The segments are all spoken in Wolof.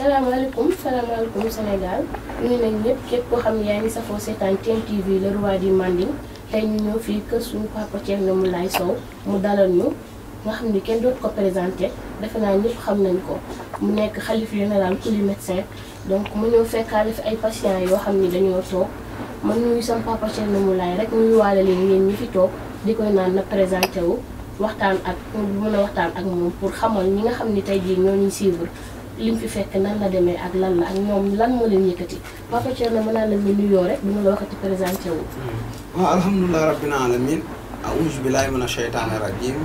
salaamaaleykum salaamaaleykum Sénégal nuyu nañ ñëpp képp koo xam yaa ngi safoo seetaan Sen TV le roi du manding tey ñu ñëw fii kër suñu papa Thierno Moulay Sow mu dalal ñu nga xam ni kenn dootu ko présenté defe naa ñëpp xam nañ ko mu nekk xalif général kuli médecin donc mu ñëw fekkaale fi ay patients yoo xam ni dañoo toog man nuyu sama papa Thierno Moulay rek nuyu waale leen yéen ñi fi toog di koy naan na présenté wu waxtaan ak pour mën a waxtaan ak moom pour xamal ñi nga xam ni tey jii ñoo ñuy suivre liñ fi fekk nan la demee ak lan la ak moom lan a leen yëkkati Papa Thierno mën naa leen di nuyoo rek du ma la waxati présenté wu. waaw mm. ah, alhamdulilah rabbil alamin auzu billahi mina shaytaani rajim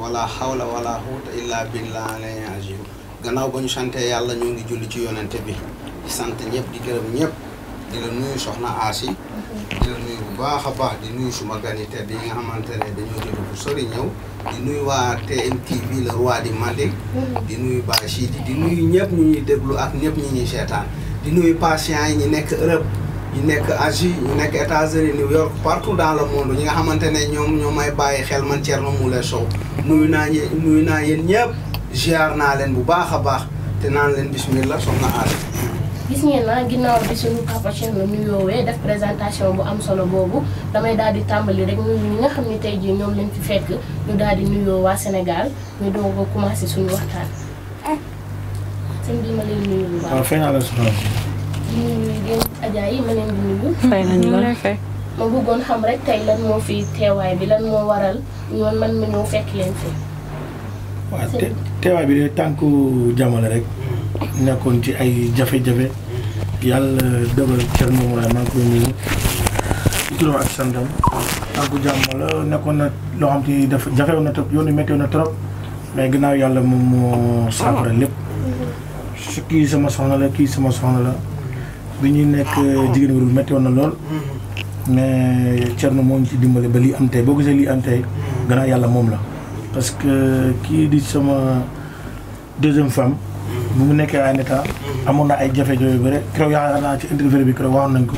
wala hawla wala quwwata illa billahi azim gannaaw ba ñu sante yàlla ñu ngi julli ci yonente bi sant ñëpp di gërëm ñëpp di la nuyu soxna Asi di bu baax a baax di nuyu suma gan yi tedd nga xamante ne dañoo jóge bu sori ñëw di nuyu waa TMTV le roi du Manding di nuyu Ba Chidi di nuyu ñëpp ñu ñuy déglu ak ñëpp ñu ñuy seetaan di nuyu patients yi nekk Europe ñu nekk Asie ñu nekk États-Unis New York partout dans le monde ñi nga xamante ne ñoom ñoo may bàyyi xel man Thierno Moule Sow nuyu naa yéen nuyu naa yéen ñëpp ziar naa leen bu baax a baax te naan leen bismillah soxna Aliou. gis ngeen na ginnaaw bi suñu papa Cheikh na nuyoowee def présentation bu am solo boobu damay daal di tàmbali rek ñun ñi nga xam ni tey jii ñoom lañ fi fekk ñu daal di nuyoo waa Sénégal ñu doog a commencé suñu waxtaan. sëñ bi ma bëggoon xam rek tey lan moo fi teewaay bi lan moo waral ñoon man ma ñëw fekk leen fi. waaw teewaay bi de tànku jamono rek. nekkoon ci ay jafe-jafe yàlla dogal Thierno Moulay maa ngi koy nuyu di turam nekkoon na loo xam te dafa jafewoon trop yoon wi méttoon na trop mais ginnaaw yàlla moom moo saafara lépp su kii sama soxna la kii sama soxna la bi ñuy nekk jigéen wérul méttoon na lool mais Thierno moo ngi ci dimbale ba lii am tey boo gisee lii am tey gannaaw yàlla moom la parce que kii di sama deuxième femme mu nekkee ay état amoon na ay jafe-jafe yu bëri keroog yaakaar naa ci interview bi keroog waxoon nañ ko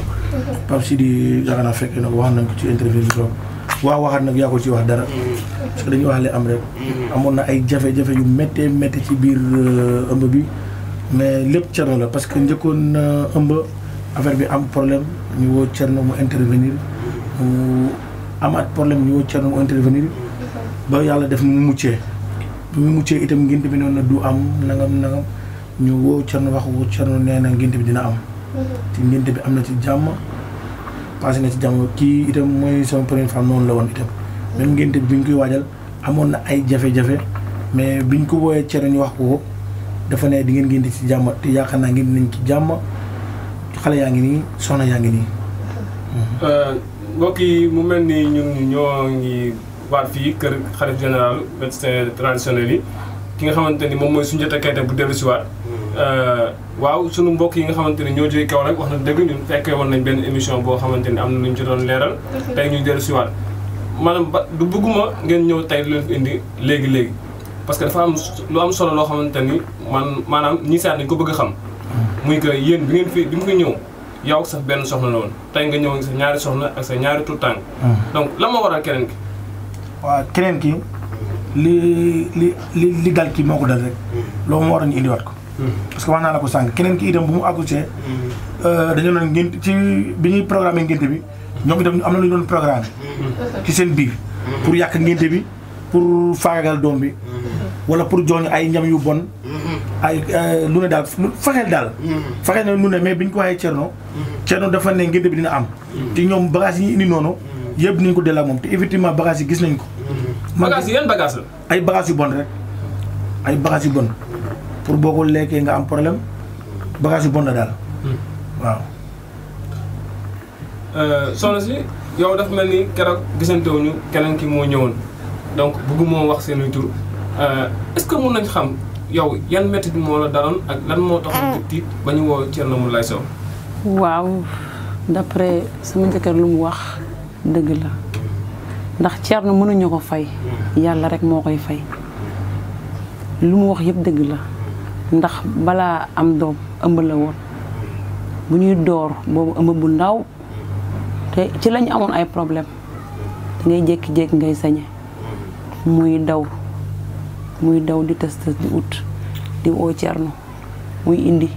Pape Sidi yaakaar naa fekk na ko waxoon nañ ko ci interview bi keroog waaw waxaat nag yaa ko ci wax dara parce que am rek amoon na ay jafe-jafe yu méttee métti ci biir euh, ëmb bi mais lépp Thierno la parce que njëkkoon euh, ëmba affaire bi am problème ñu woo Thierno mu intervenir mu at problème ñu woo Thierno mu intervenir ba yàlla def mu muccee bi mu muccee itam ngénte bi noonu na du am nangam nangam ñu woo Thierno wax woo Thierno nee na ngénte bi dina am. Mhm. te ngénte bi am na ci jàmm. passé na ci jàmm kii itam mooy sama première fa noonu la woon itam. Mhm. même ngénte bi ñu koy waajal amoon na ay jafe-jafe mais biñ ko woowee Thierno ñu wax ko dafa ne di ngeen ngénte ci jàmm te yaakaar naa ngénte nañ ci jàmm xale yaa ngi nii soxna yaa ngi nii. Euh, mbokk yi mu mel ni ñun ñoo ngi waat fii kër xalif général médecin traditionnel yi ki nga xamante ni moom mooy Soundiata Keita bu dellu si waat Euh, waaw sunu mbokk yi nga xamante ne ñoo jógee kaw rek wax na dëgg ñun fekkee woon nañ benn émission boo xamante ne am na lu ñu ci doon leeral. tey ñu dellu si waat maanaam ba du bëgguma ngeen ñëw tey lu leen fi indi léegi léegi. parce que dafa am lu am solo loo xamante ni man maanaam ñi saat ko bëgg xam. muy yéen bi ngeen fi bi fi ñëw yow ak sa benn soxna la woon tey nga ñëw ak sa ñaari soxna ak sa ñaari tànk hmm. donc la moo waral keneen ki. waaw keneen ki li li li dal ki moo ko dal rek. Hmm. loolu moo waroon ñu indiwaat ko. Mm-hmm. parce que wax naa la ko sànq keneen ki itam bu mu àggu see. Mm-hmm. Euh, dañoo doon ci bi ñuy programme ngénte bi. ñoom itam am na lu doon programme. Mm-hmm. ci seen biir. pour yàq ngénte bi pour faagagal doom bi. wala pour jox ñu ay ñam yu bon. ay euh, lu ne daal faxeel daal. faxeel na lu ne mais bi ñu ko waxee Thierno. Thierno dafa ne ngénte bi dina am. te ñoom bagage yi ñu indi noonu. yëpp nañ ko delloo moom te effectivement bagage yi gis nañ ko. bagage yi yan bagage ay bagage yu bon ay bagage yu pour boo ko lekkee nga am problème bagage yu daal hmm. waaw. Euh, soxna si yow daf mel ni keroog gisante wuñu keneen ki moo ñëwoon donc bëgguma wax seen tur euh, est-ce que mun nañ xam yow yan métit moo la daloon ak lan moo tax nga ba ñu woo Thierno Moulay waaw d'après sama jëkkër lu mu wax dëgg la ndax na mënuñu ko fay. Hmm. yàlla rek moo koy fay. lu mu wax yëpp dëgg la. ndax balaa am doom ëmb la woon bu ñuy door boobu ëmb bu ndaw te ci lañu amoon ay problème da ngay jékki-jékki ngay sañe muy daw muy daw di tës tës di ut di woo cernu muy indi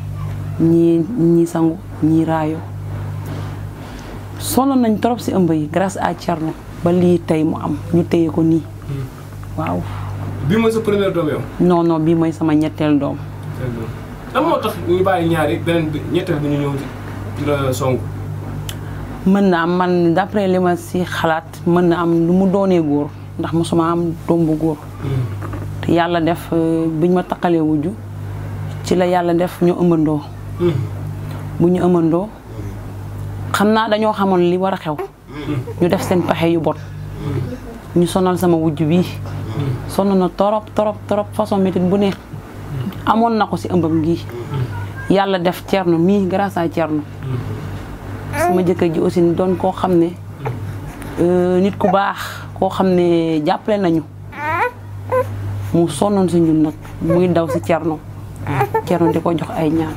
ñi ñii sangu ñii raayo sonn nañ trop si ëmb yi grâce à cernu ba lii tey mu am ñu téye ko nii hmm. waaw. bii bii mooy sama ñetteel doom. lan moo tax ñu bàyyi ñaari beneen ñetteel bi ñu ñëw di la song. mën na am man d'après li ma si xalaat mën na am lu mu doonee góor ndax mu mosuma am doom bu góor. Hmm. yàlla def euh, biñ ma taqalee wujj ci la yàlla def ñu ëmbandoo. Hmm. bu ñu ëmbandoo xam naa dañoo xamoon li war a xew. Hmm. ñu def seen pexe yu bon. ñu sonal sama wujj bii. sonn na torop torop torop façon métit bu neex. amoon na ko si ëmbam gi yàlla def cernu mii grâce à cernu sama jëkkër ji aussi doon koo xam ne euh, nit ku baax koo xam ne jàppale nañu mu sonnoon si ñun nag muy daw si cernu cernu di ko jox ay ñaan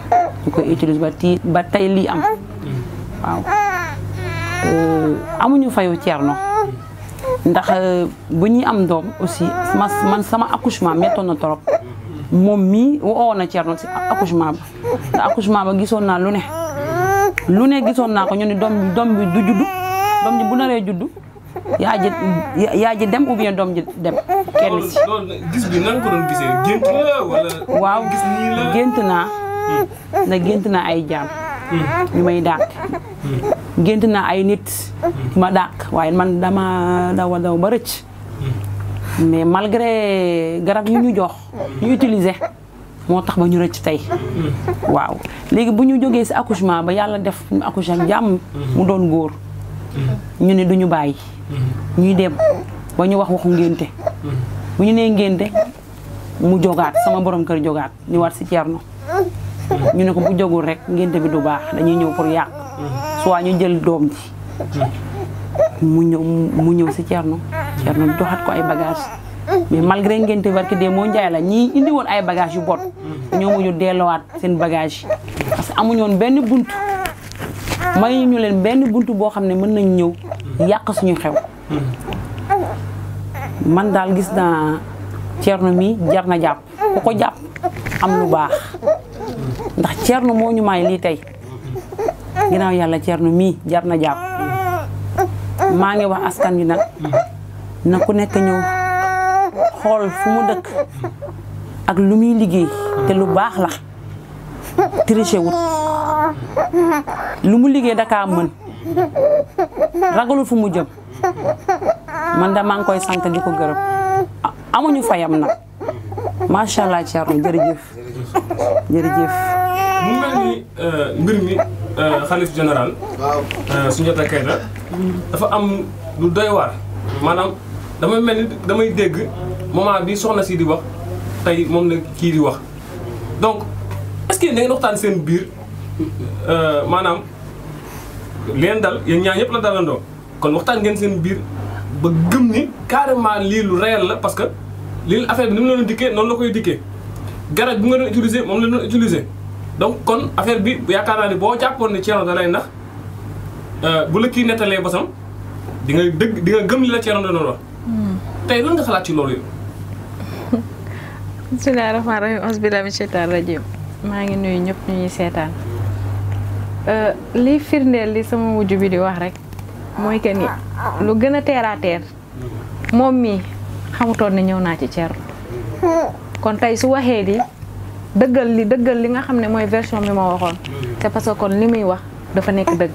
ñu koy utiliser ba tey lii am waaw euh, amuñu fayu cernu ndax euh, bu ñuy am doom aussi man sama accouchement mettoon na trop moom mii woo na Thierno si accouchement ba te accouchement ba gisoon naa lu ne lu ne gisoon naa ko ñu ne doom bi du juddu doom ji bu naree juddu yaa ji dem ou bien doom ji dem kenn si. gis bi nan ko doon gisee gént naa. ndax gént naa ay jaam. ñu may dàq. Hmm. gént naa ay nit. Hmm. ma dàq waaye man dama daw daw ba rëcc. mais malgré garab yu ñu jox ñu utiliser moo tax ba ñu rëcc tey waaw léegi bu ñu jógee si accouchement ba yàlla def ñu accouché jàmm mu doon góor ñu ne duñu bàyyi ñuy dem ba ñu wax waxu ngénte bu ñu nee ngénte mu jogaat sama borom kër jogaat ñu war si Thierno ñu ne ko mu jogul rek ngénte bi du baax dañuy ñëw pour yàq soit ñu jël doom ji mu ñëw mu ñëw si Thierno Thierno joxat ko ay bagage mais malgré ngénte barki dee ñii indi woon ay bagage yu bot ñoomu ñu delloowaat seen bagage parce que amuñoon benn bunt may leen benn bunt boo xam ne mën nañ ñëw yàq suñu xew man daal gis naa Thierno mi jar na jàpp ku ko jàpp am lu baax ndax Thierno moo ñu may lii tey ginnaaw yàlla Thierno mii jar na jàpp maa ngi wax askan wi nag na ku nekk ñëw xool fu mu dëkk ak lu muy liggéey te lu baax la triché wut lu mu liggéey am mën ragalul fu mu jëm man de maa ngi koy sant di ko gërëm amuñu fayam nag macha allah Thierno jërëjëf jërëjëf mu mel ni euh, mbir mi euh, xalif général euh, Soundiata Keita dafa am lu doy waar maanaam damay mel ni damay dégg moment bi soxna si di wax tey moom la kii di wax donc est que da ngeen waxtaan seen biir euh, maanaam leen dal yéen ñaar ñëpp la kon waxtaan ngeen seen biir ba gëm ni carrément lii lu réel la parce que lii affaire bi ni mu la doon dikkee noonu la koy dikkee garab bi nga doon utiliser moom la doon utiliser. donc kon affaire bi yaakaar naa ni boo jàppoon ne Thierno da lay nax euh, bu la kii nettalee bosam di nga dëgg di nga gëm li la Thierno doon wax. tey lan nga xalaat ci loolu yow. bismilaahi rahmaani rahiim asbilah min seytaan maa ngi nuyu ñëpp ñu ñuy seetaan euh, liy firndeel li sama wujj bi di wax rek mooy que ni lu gën a teer moom mii xamutoon ne ñëw naa ci Thierno kon tey su waxee di dëggal li dëggal li nga xam ne mooy version bi ma waxoon te parce que kon li muy wax dafa nekk dëgg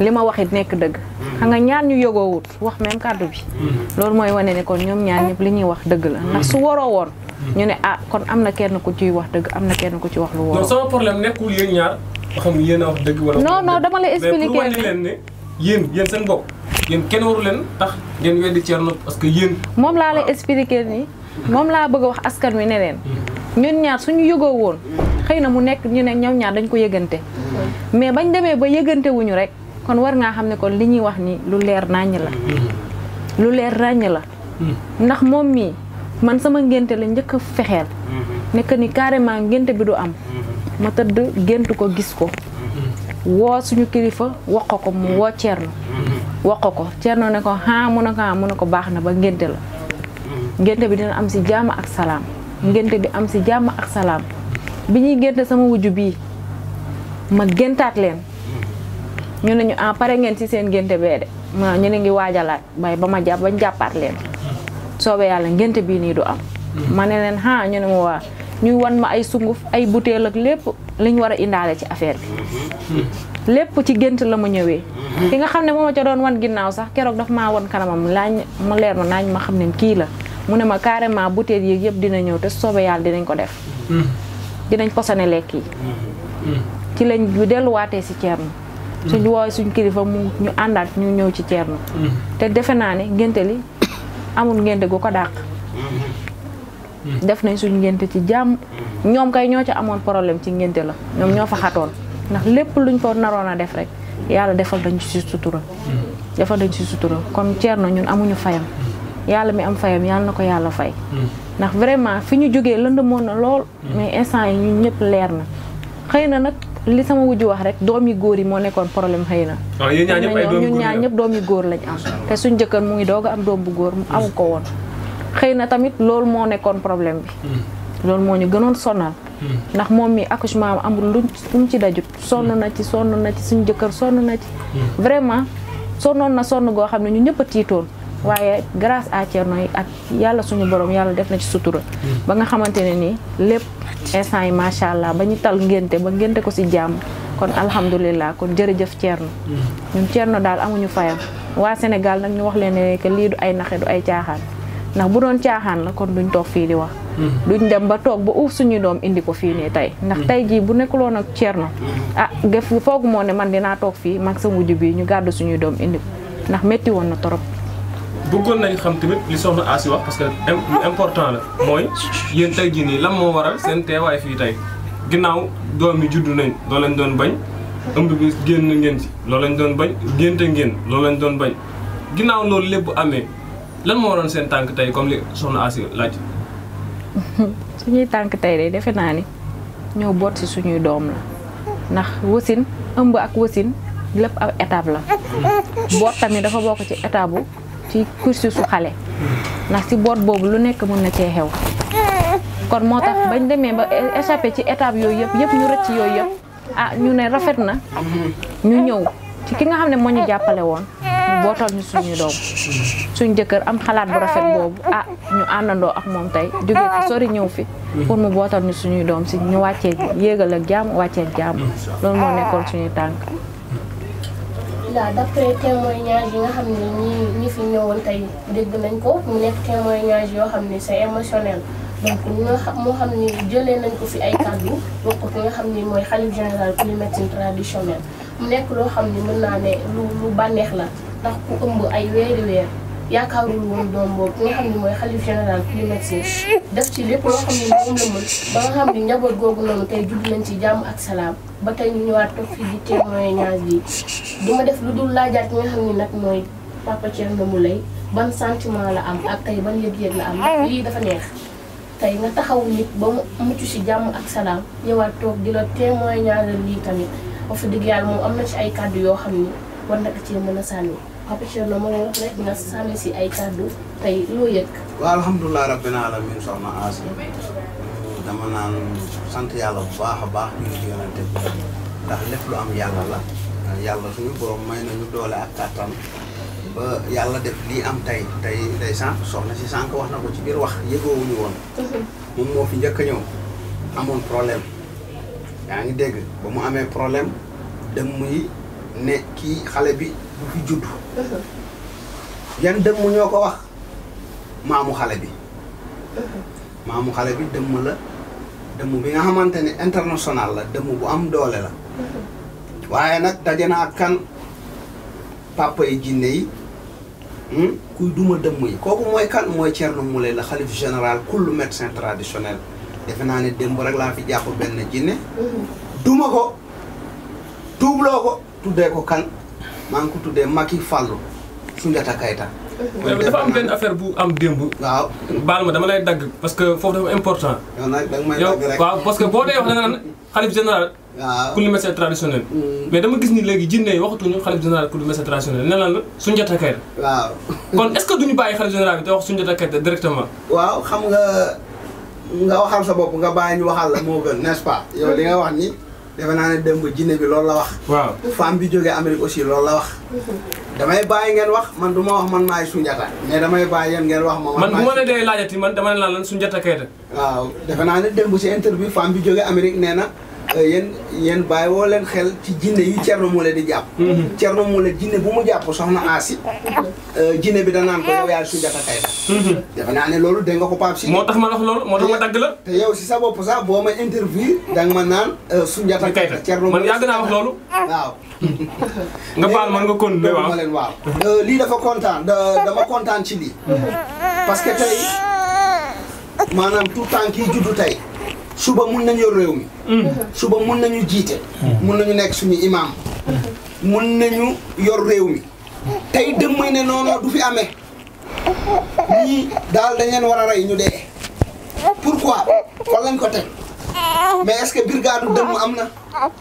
li ma wax nekk dëgg xam nga ñaar ñu yëgoowut wax même kàddu bi mm-hmm. loolu mooy wane ne kon ñoom ñaar ñëpp li ñuy wax dëgg la mm-hmm. su waroo woon mm-hmm. ñu ne ah kon am na kenn ku ciy wax dëgg am na kenn ku ci wax lu waroo sama problème nekkul yéen ñaar xam a wax dëgg wala non non dama lay expliquer leen ne yéen yéen seen bopp yéen kenn waru parce que yéen moom laa lay expliquer nii moom laa bëgg a wax askan wi ne leen ñun ñaar suñu yëgoo woon xëy na mu nekk ñu ne ñoom ñaar dañ ko yëgante mais bañ demee ba yëggantewuñu rek kon war ngaa xam ne kon li ñuy wax ni lu leer naññ la lu leer naññ la ndax moom mii man sama ngénte la njëkk a fexeel nekk ni carrément ngénte bi du am ma tëdd gént ko gis ko woo suñu kilifa wax ko mu woo Thierno wax ko Thierno ne ko ah mu ne ko ah mu ne ko baax na ba ngénte la ngénte bi dina am ci jàmm ak salaam ngénte bi am si jàmm ak salaam bi ñuy ngénte sama wujju bii ma géntaat leen ñu ne ñu ah pare ngeen ci seen ngénte bee de waaw ñu ne ngi waajalaat bay ba ma jàpp bañ jàppaat leen soobee yàlla ngénte bii nii du am. ma ne leen ah ñu ne ma waa ñu wan ma ay sunguf ay butéel ak lépp liñ war a indaale ci affaire bi. lépp ci gént la ma ñëwee. ki nga xam ne moo ma ca wan ginnaaw sax keroog daf maa wan kanamam laañ ma leer ma naañ ma xam ne kii la mu ne ma carrément butéel yi yëpp dina ñëw te soobee yàlla dinañ ko def. Hmm. dinañ posone lekk yi. Hmm. Hmm. ci lañ delluwaatee si Thierno. suñ woowee suñ kilifa mu ñu àndaat ñu ñëw ci ceer Thierno. te defe naa ne ngénte li amul ngénte gu ko dàq. def nañ suñ ngénte ci jàmm. ñoom kay ñoo ci amoon problème ci ngénte la ñoom ñoo fa xatoon ndax lépp luñ ko naroon a def rek yàlla defal dañ ci sutura. defal dañ ci sutura kon na ñun amuñu fayam. yàlla mi am fayam yàlla na ko yàlla fay. ndax vraiment fi ñu jógee lëndëmoon na lool. mais instant yi ñun ñëpp leer na xëy na nag. li sama wujju wax rek doom yi góor yi moo nekkoon problème xëy na. waaw ah, yéen ñaa ñëpp ñun ñaar ñëpp doom yi góor lañ am. te suñ jëkkër mu ngi doog am doom bu góor mu amu ko woon. xëy na tamit loolu moo nekkoon problème bi. Hmm. loolu moo ñu gënoon sonal. Hmm. ndax moom mi accouchement am amul luñ mu ci dajut. Hmm. sonn na ci sonn na ci suñ jëkkër sonn na ci. vraiment sonnoon na sonn goo xam ne ñu ñëpp a tiitoon. waaye grace à Thierno yi ak yàlla suñu borom yàlla def na ci sutura. ba nga xamante ne nii lépp instant yi macha allah ba ñu tal ngénte ba ngénte ko si jàmm kon alhamdulilah kon jërëjëf Thierno. ñun Thierno daal amuñu fayam. waa Sénégal nag ñu wax leen ne lii du ay naxe du ay caaxaan ndax bu doon caaxaan la kon duñ toog fii di wax. duñ dem ba toog ba uuf suñuy doom indi ko fii nii tey. ndax tey jii bu nekkuloon ak Thierno. ah gëf foog moo ne man dinaa toog fii mag sa wujj bi ñu gàddu suñuy doom indi ndax métti na torop bëggoon nañ xam tamit li soxna Asi wax parce important la mooy yéen tey jii nii lan moo waral seen teewaay fii tey ginnaaw doom yi juddu nañ loolu lañ doon bañ ëmb bi génn ngeen ci loolu lañ doon bañ génte ngeen loolu lañ doon bañ ginnaaw loolu lépp amee lan moo waroon seen tànk tey comme li soxna Asi laaj. suñuy tànk tey de defe naa ni ñëw boot si suñuy doom la ndax wasin ëmb ak wasin lépp ab étape la mm-hmm. boot tamit dafa bokk ci étape ci cursus su xale ndax si boot boobu lu nekk mën na cee xew kon moo tax bañ demee ba échappé ci étape yooyu yëpp yëpp ñu rëcc yooyu yëpp ah ñu ne rafet na ñu ñëw ci ki nga xam ne moo ñu jàppale woon bootal ñu suñuy doom suñ jëkkër am xalaat bu rafet boobu ah ñu àndandoo ak moom tey jóge ko sori ñëw fi pour mu bootal ñu suñuy doom si ñu wàccee yéegal ak jàmm wàccee jàmm loolu moo nekkoon suñuy tànk waaw d'après témoignage yi nga xam ne ñii ñi fi ñëwoon tey dégg nañ ko mu nekk témoignage yoo xam ne c'est émotionnel donc ñoo xam moo xam ne jëlee nañ ko fi ay kàddu wax ko ki nga xam ni mooy xalif général pour médecine traditionnelle mu nekk loo xam ne mën naa ne lu lu bànneex la ndax ku ëmb ay weeri weer yaakaarul woon doom boobu ki xam ne mooy xalif général kii médecin def ci lépp loo xam ne ba njaboot googu noonu tey judd ci jàmm ak salaam ba tey ñu ñëwaat toog fii di témoignage bi def lu dul laajaat nag mooy papa Thierno ban sentiment la am ak tey ban yëg am lii neex tey nga taxaw nit ba mu mucc ci jàmm ak salaam ñëwaat toog di la témoignage lii tamit wax dëgg yàlla moom am na ci ay kàddu yoo xam ni war na ko cee mën a sànni Papa Thierno moo lay rek nga sànni si ay kàddu tey loo yëg. waaw alhamdulilah rabbil alamin soxna Asi dama naan sant yàlla bu baax a baax ñu ngi yonente bi ndax lépp lu am yàlla la yàlla suñu borom may nañu doole ak kàttan ba yàlla def lii am tey tey tey sànq soxna si sànq wax na ko ci biir wax yëgoowuñu woon mm-hmm. moom moo fi njëkk a ñëw amoon problème yaa ngi dégg ba mu amee problème dem muy ne kii xale bi bu fi judd yan dëmm ñoo ko wax maamu xale bi maamu xale bi dëmm la dëmm bi nga xamante ne international la dëmm bu am doole la waaye nag daje na ak kan papa yi jinne yi hmm? kuy duma dëmm yi kooku mooy kan mooy Thierno Moule la xalif général kullu médecin traditionnel defe naa ne démb rek laa fi jàpp benn jinne hmm. duma ko tuubloo ko tuddee ko kan maa ngi ko tuddee Macky Fallou Soundiata Keita. dafa am benn affaire bu am démb. waaw baal ma dama lay dagg parce que foofu dafa important. yow nag danga may dagg rek waaw parce que boo dee wax da nga naan mm. dama gis ni léegi jinne yi waxatuñu xalif général ku li médecin traditionnel ne lan la Soundiata Keita. kon est-ce que bàyyi xalif général bi te wax Soundiata Keita directement. waaw xam nga nga waxal sa bopp nga bàyyi ñu waxal la moo gën n'est-ce pas yow li nga wax nii defe naa ne démb jinne bi loolu la wax. waaw femme bi jógee Amérique aussi lool la wax. damay bàyyi ngeen wax man du ma wax man maay Soundiata mais damay bàyyi yéen ngeen wax. ma man bu ma ne dee laajati man dama ne laa lan Soundiata Keita. waaw defe naa ne démb si interview femme bi jóge Amérique nee na. Euh, yéen yéen bàyyi woo leen xel ci jinne yi Thierno Moule di jàpp. Hmm. Thierno Moule jinne bu mu jàpp soxna Asi. Euh, jinne bi da naan ko yow yaay Soundiata Keita. Hmm. defe naa ne loolu dégg nga ko Pape si. moo tax ma a loolu moo tax ma dagg te yow si sa bopp sax boo ma interview da ma naan euh, Soundiata Keita. Thierno Moule man yàgg naa wax loolu. waaw. nga baal man nga kon waaw ma leen waaw. lii dafa kontaan dama kontaan ci lii. Hmm. parce que tey maanaam tout temps kii juddu tey. suba mun nañu yor réew mi. Mm. suba mun nañu jiite. Mm. mun nañu nekk suñu imaam. mun nañu yor réew mi. tey dëmm may ne noonu du fi amee. ñii daal dañ leen war a rey ñu dee. pourquoi fan lañ ko teg mais est-ce que brigade dëmm am na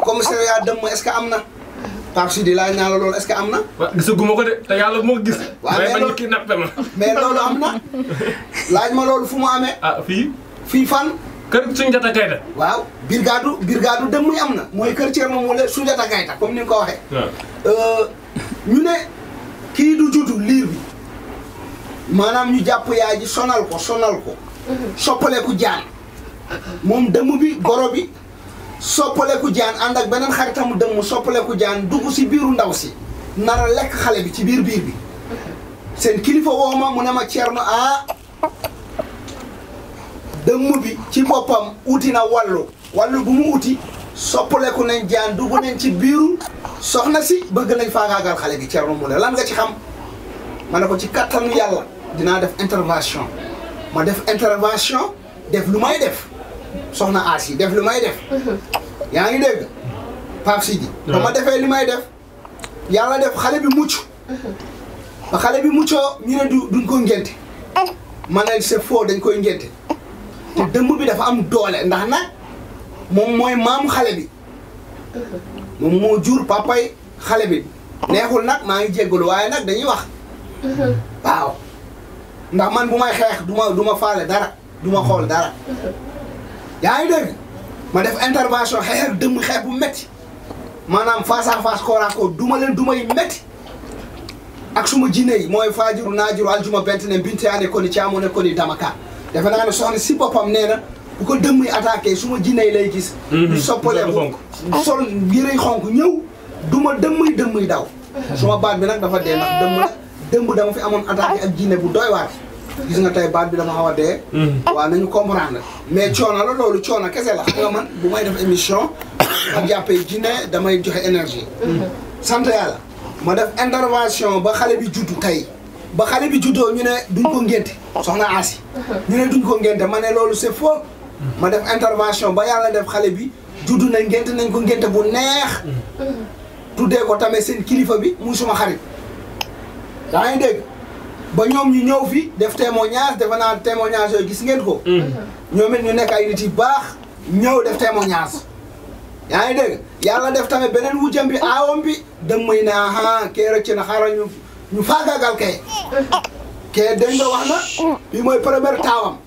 commissariat dëmm est-ce que am na Pape Sidi laaj naa la loolu est-ce am na. waaw gisaguma ko de te yàlla moo gis. waaw mais loolu kii nappe ma. mais am na laaj ma loolu fu mu amee. Ah, fii fan. kër Soundiata Keita waaw birgaadu birgaadu dem muy am na mooy kër Thierno Moule Soundiata Keita comme ni nga ko waxee euh, ñu ne kii du juddu liir bi maanaam ñu jàpp yaay ji sonal ko sonal ko soppaleeku jaan moom dëmm bi goro bi soppaleku jaan ànd ak beneen xaritamu dëmm soppaleeku jaan dugg si biiru ndaw si nara a lekk xale bi ci biir biir bi seen kilifa woo ma mu ne ma Thierno ah dëmm bi ci boppam uti na wallu wallu bu mu uti soppaleku nañ jaan dugg nañ ci biir soxna si bëgg nañ faagaagal xale bi Thierno Moule lan ga ci xam ma ne ko ci kattanu yàlla dinaa def intervention ma def intervention def lu may def soxna aas yi def lu may def mm-hmm. yaa ngi dégg Pape Sidi ba ma defee li may def yàlla def xale bi mucc mm-hmm. xale bi muccoo ñu ne du duñ ko ngénte eh. ma ne c'est faux dañ koy ngénte dëmb bi dafa am doole ndax nag moom mooy maam xale bi moom moo jur papay xale bi neexul nag maa ngi jéggalu waaye nag dañuy wax waaw ndax man bu may xeex du ma du ma faale dara du ma xool dara yaa ngi dégg ma def intervention xeex dëmb dëmm xeex bu metti maanaam face à face corps à corps duma leen duma yi métti ak suma jinne yi mooy faajuru naajuru aljuma bent ne binte yi ci amoon ne koni damaka defe naa ne soxna si boppam nee na bu ko dëmm yi attaqué su ma jiney lay gis. ñu mhm. soppaleeku sol yëre xonk ñëw du ma dëmm dëmm daw. suma baat bi nag dafa dee ndax dëmm dem dama fi amoon attaqué ak jinne bu doy waar. gis nga tey baat bi dama xaw a dee. Mhm. waaw nañu comprendre mais coono la loolu coono kese la xam nga man bu may def émission. ak jàppee jinne damay joxe énergie. Mhm. sant yàlla ma def intervention ba xale bi juddu tey. ba xale bi juddoo ñu ne duñ ko ngénte oh. soxna Asi uh-huh. ñu ne duñ ko ngénte ma ne loolu c'est faux mm-hmm. ma def intervention ba yàlla def xale bi judd na ngénte nañ ko ngénte bu neex mm-hmm. Mm-hmm. tuddee ko tamit seen kilifa bi muy suma xarit yaa ngi dégg ba ñoom ñu ñëw fii def témoignage defe naa témoignage yooyu gis ngeen ko uh-huh. ñoom it ñu nekk ay nit yu baax ñëw def témoignage yaa ngi dégg yàlla def tamit beneen wujjam bi aawam bi dem may ne aha kee rëcc na xaaral ñu ñu faagaagal kay kay dégg nga wax na bi mooy première taawam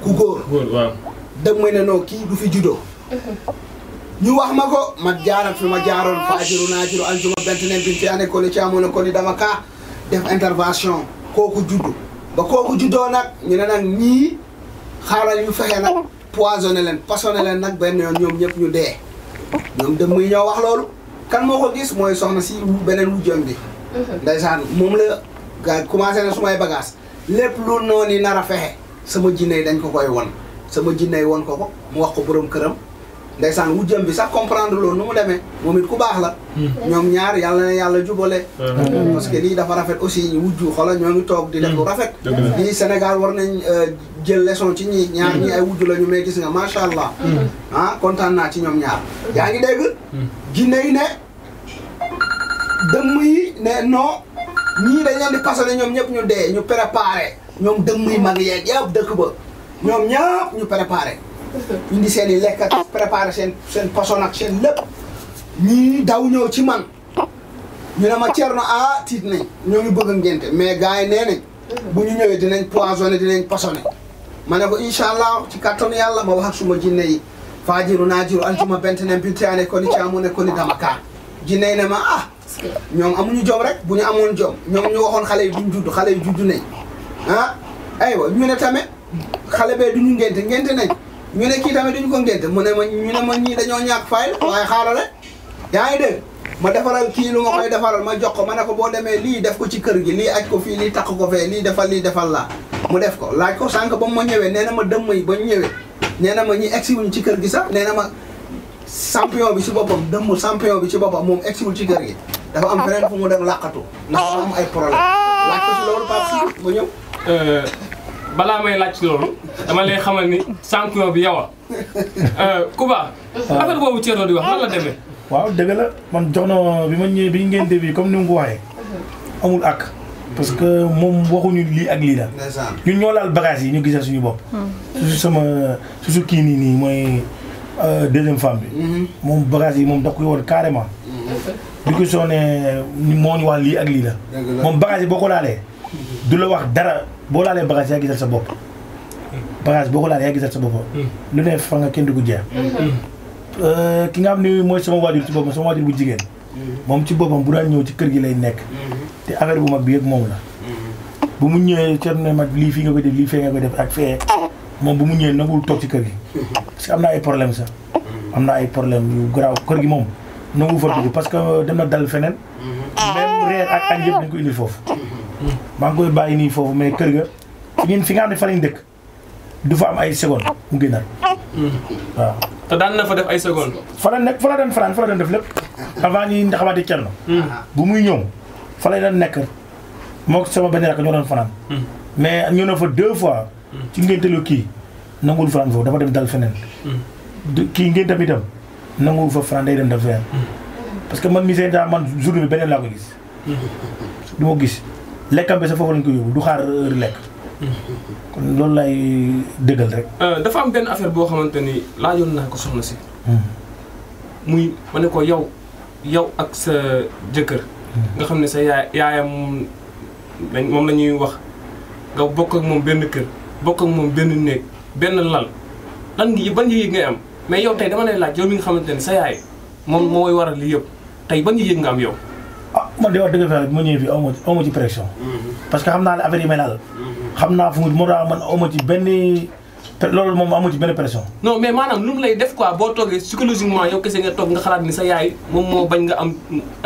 ku góor waaw dëgg mooy ne noo kii du fi juddoo ñu wax ma ko ma jaaral fi ma jaaroon fajiru naajiru aljuma bent neen bin fi ane koni ci amoon koni dama kaa def intervention kooku juddu ba kooku juddoo nag ñu ne nag nii xaaral ñu fexe nag poisonné leen poisonné leen nag benn yoon ñoom ñëpp ñu dee ñoom dem muy ñoo wax loolu kan moo ko gis mooy soxna si beneen wujjoon bi ndeysaan moom la gaa commencé na sumay bagage lépp lu noonu yi nar a fexe sama jinne dañ ko koy won sama jinne won ko ko mu wax ko boroom këram ndeysaan wujjam bi sax comprendre loolu nu mu demee moom it ku baax la hmm. ñoom ñaar yàlla na yàlla jubale hmm. parce que nii dafa rafet aussi wujju xoolal ñoo ngi toog di def lu hmm. rafet lii Sénégal war nañ euh, jël leçon ci ñi ñaar ñi ay wujju la ñu mais gis nga macha allah ah kontaan naa ci ñoom ñaar yaa ngi dégg jinne ne dëmm yi ne non ñii dañ leen di pasale ñoom ñëpp ñu dee ñu préparé ñoom dëmm yi mag yeeg yëpp dëkk ba ñoom ñëpp ñu préparé indi seen i lekk ak préparé seen seen seen lépp ñii daw ñëw ci man ñu ne ma Thierno ah tiit nañ ñoo ngi bëgg a ngénte mais gars yi nee nañ bu ñu ñëwee dinañ poisonné dinañ posonné ma ne ko incha allah ci kattanu yàlla ma wax ak suma jinne yi faajiru naajiru aljuma bente ne mbirtiyaane koni caamu ne koni dama kaa jinne yi ne ah, ñoom amuñu jom rek bu ñu amoon jom ñoom ñu waxoon xale yi duñ juddu xale yi judd nañ ah aywa ñu ne tamit xale bee du ñu ngénte ngénte nañ ñu ne kii tamit duñu ko ngénte mu ne ma ñu ne ma ñii dañoo ñàkk fay waaye xaarale yaa ngi dégg ma defaral kii lu ma koy defaral ma jox ko ma ne ko boo demee lii def ko ci kër gi lii aj ko fii lii takk ko fee lii defal lii defal laa mu def ko laaj ko sànq ba mu ma ñëwee nee na ma dëmm yi ba ñu ñëwee nee na ma ñi egsi ci kër gi sax nee na ma champion bi ci boppam dëmm champion bi ci boppam moom egsiwul ci kër gi dafa am beneen fu mu dem làqatu ndax am ay problème laaj ko ci ba ñëw. Euh, balaa may laaj ci loolu dama lay xamal ni bi yow a. Euh, Kouba. waaw di wax lan la demee. waaw dëgg la man jox na bi ma ñëwee bi ngeen début comme ni mu ko waxee. amul ak parce que moom waxuñu lii ak lii la ñun ñoo laal bagage yi ñu gisal suñu bopp. Hmm. su sama su su kii nii nii mooy. Euh, deuxième femme bi. Mhm. moom bagage yi moom da koy woon carrément. Mhm. du ko soo ne moo ñu wax lii ak lii la. moom bagage yi boo ko laalee. Mhm. du la wax dara boo laalee bagage yaa gisal sa bopp. bagage boo ko laalee yaa gisal sa bopp. lu ne fa nga kenn du jeex. Euh, ki nga xam ne mooy sama waajur ci boppam sama waajur bu jigéen. moom ci boppam bu daan ñëw ci kër gi lay nekk. te affaire bu mag bi yëpp moom la. bu mu ñëwee cër ne ma lii fii nga koy def lii fee nga koy moom bu mu ñëwee nagul toog ci kër gi parce am na ay problème sax am na ay problème yu garaaw kër gi moom nangu fa dugg parce que dem na dal feneen même reer ak añ yëpp dañ ko indil foofu maa ngi koy bàyyi nii foofu mais kër ga ñun fi nga xam ne fa lañ du fa am ay seconde mu génnaat waaw te fa def ay seconde fa la nekk fa la daan fanaan fa def lépp avant ñi nga xamante kenn bu muy ñëw fa la daan nekk moo sama benn rakk ñoo doon fanaan hmm. mais ñëw na fa deux fois ci ngénteelu kii nanguwul fanaan foofu dafa dem dal feneen. kii ngéntam itam nanguwul fa fanaan day dem parce que man mi daa man journée bi beneen laa ko gis. du sa foofu lañ ko yóbbu du rek. Euh, dafa am benn affaire boo xamante ni laajoon naa ko soxna si. Hmm. muy ma ne ko yow yow ak sa jëkkër. Hmm. nga xam ne sa yaay yaayam moom la ñuy wax nga bokk ak moom benn kër. bokk moom benn néeg benn lal lan ngi ban yëg ngay am mais yow tey dama lay laaj yow mi nga xamante ne sa yaay moom mooy waral lii yëpp tey ban yëg nga am yow. ah man de wax dëgg mm-hmm. que xam naa ne affaire yi may mm-hmm. naa fu mu moo ma ci benn. loolu moom amu ci benn pression. non mais maanaam lu mu def quoi boo toogee psychologiquement yow kese nga toog nga xalaat ni sa yaay moom moo bañ nga am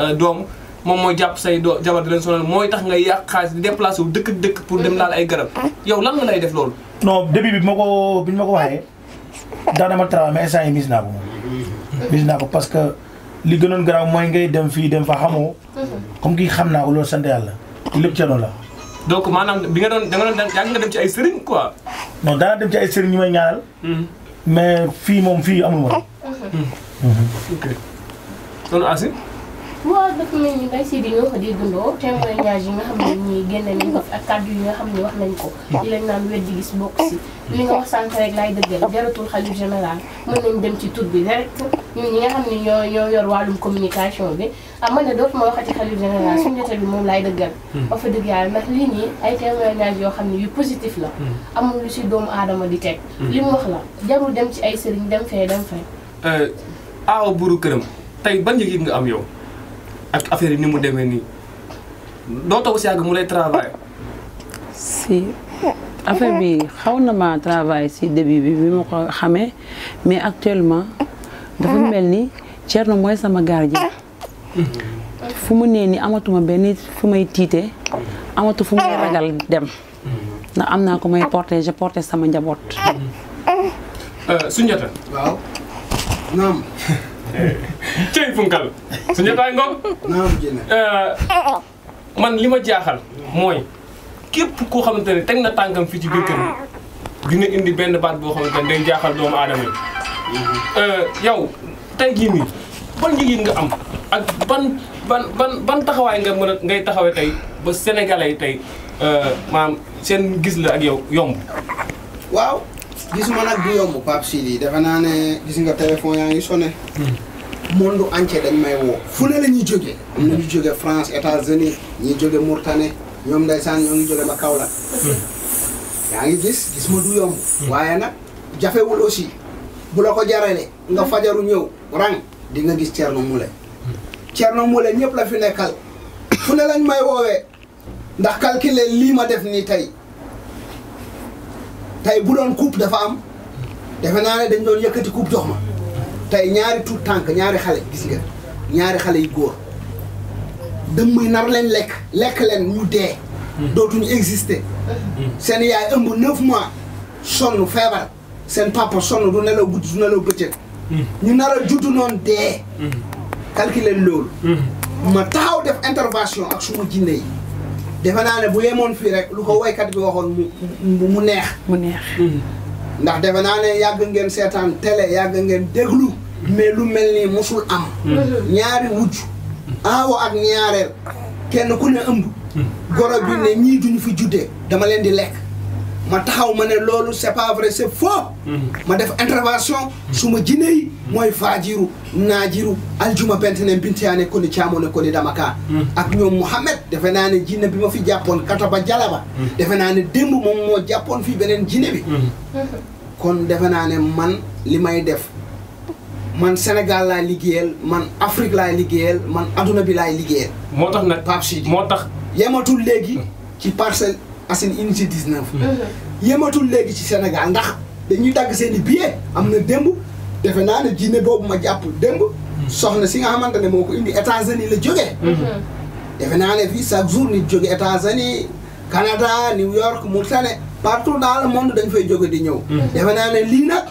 euh, doom moom mooy jàpp say doo jabar di leen sonal mooy tax nga yàq xaalis di déplacé wu dëkk dëkk pour dem laal ay garab yow lan nga lay def loolu non début bi bi ma ko bi ñu ma ko waxee daanama travail mais instant yi mis naa ko moom mis naa ko parce que li gënoon garaaw mooy ngay dem fii dem fa xamoo comme kii xam naa ko loolu sant yàlla lépp ca la donc maanaam bi nga doon da nga dem ci ay sëriñ quoi non daanaa dem ci ay sëriñ ñu may ñaanal hmm. mais fii moom fii amul moom hmm. ok loolu asi waaw dafa mel ni Mbaye Sidi ñoo ko di dundoo témoignage yi nga xam ne ñii génne nañ ko ak kàddu yi nga xam ne wax nañ ko. di lañ naan weddi gis bokk si. li nga wax sànq rek laay dëggal jaratul xalif général mën nañ dem ci tur bi direct ñun ñi nga xam ne ñoo ñoo yor wàllum communication bi ah man de dootuma waxati xalif général hmm. suñu jote bi moom laay dëggal. Hmm. wax fa dëgg yàlla ndax lii nii ay témoignage yoo xam ne yu positif la. Hmm. amul lu si doomu aadama di teg. li mu wax la jarul dem ci ay sëriñ dem fee dem fee. Euh, aaw buru këram tey ak affaire yi ni mu demee nii doo toog si yàgg mu lay travail. si affaire bi xaw na ma travail si début bi bi ma ko xamee mais actuellement dafa mel ni na mooy sama gardien. fu mu nee nii amatuma benn fu may tiitee amatu fu may ragal dem. ndax am naa ko may porté je sama njaboot. Euh, Soundiata. waaw naam. cey funkal su ñettaay ngoog euh, man li ma jaaxal mooy képp koo xamante ne teg na tànkam fii ci biir kër dina indi benn baat boo xamante ne jaaxal doomu aadama yi mm-hmm. euh, yow tey jii nii ban njëg nga am ak ban ban ban ban taxawaay nga mën a ngay taxawee tey ba sénégalais yi tey euh, maam seen gis la ak yow yomb waaw gis ma nag du yomb Pape Sidi defe naa ne gis nga téléphone yaa ngi sonné. monde entier dañ may woo fu ne la ñuy jógee. am na ñu jóge France États-Unis ñuy jóge Mourtane ñoom ndeysaan ñoo ngi jóge ba Kaolack. yaa ngi gis gis ma du yomb. waaye nag jafewul aussi bu la ko jarale nga fajaru ñëw rang di nga gis Thierno Moule. Thierno Moule ñëpp la fi nekkal fu ne lañ may woowee ndax calculer lii ma def nii tey. tey bu doon coupe dafa am defe naa ne dañ doon yëkkati coupe jox ma tey ñaari tout tànk ñaari xale gis nga ñaari xale yu góor dëmm yi nar leen lekk lekk leen ñu dee hmm. dootuñu exister hmm. seen yaay ëmb neuf mois sonn feebar seen papa sonn du nelaw guddi du nelaw bëccëg hmm. ñu nar a juddu noonu dee calculer loolu ma taxaw def intervention ak suma jinne yi defe naa ne bu yemoon fii rek lu ko woykat bi waxoon mu mu neex. mu neex. Hmm. ndax defe naa ne yàgg ngeen seetaan tele yàgg ngeen déglu. mais lu mel ni mosul am. Hmm. ñaari wujj. aawo ak ñaareel. kenn ku ne ëmb. Hmm. goro bi ne ñii duñu fi juddee. dama leen di lekk. ma taxaw ma ne loolu c'est pas vrai c'est faux. Mm-hmm. ma def intervention. su ma jinne yi mm-hmm. mooy faajiru naajiru aljuma bentene bintiyaane koni caamone koni damaka mm-hmm. ak ñoom Mouhamed defe naa ne jinne bi ma fi jàppoon ba jalaba defe naa ne démb moom moo jàppoon fii beneen jinne bi kon defe naa ne man li may def man Sénégal laay liggéeyal man Afrique laay liggéeyal man adduna bi laay liggéeyal moo tax nag Pape Sidi moo tax yematul léegi mm. ci parcelle Asine unité 19. yëmatul léegi ci Sénégal ndax dañuy dagg seen i billet am na démb defe naa ne jinne boobu ma jàpp démb. Mm-hmm. soxna si nga xamante ne moo ko indi États-Unis la jógee. Mm-hmm. defe ne fii chaque jour nit jóge États-Unis Canada New York Mauritanie partout dans le monde dañ fay jóge di ñëw. Mm-hmm. defe naa ne lii nag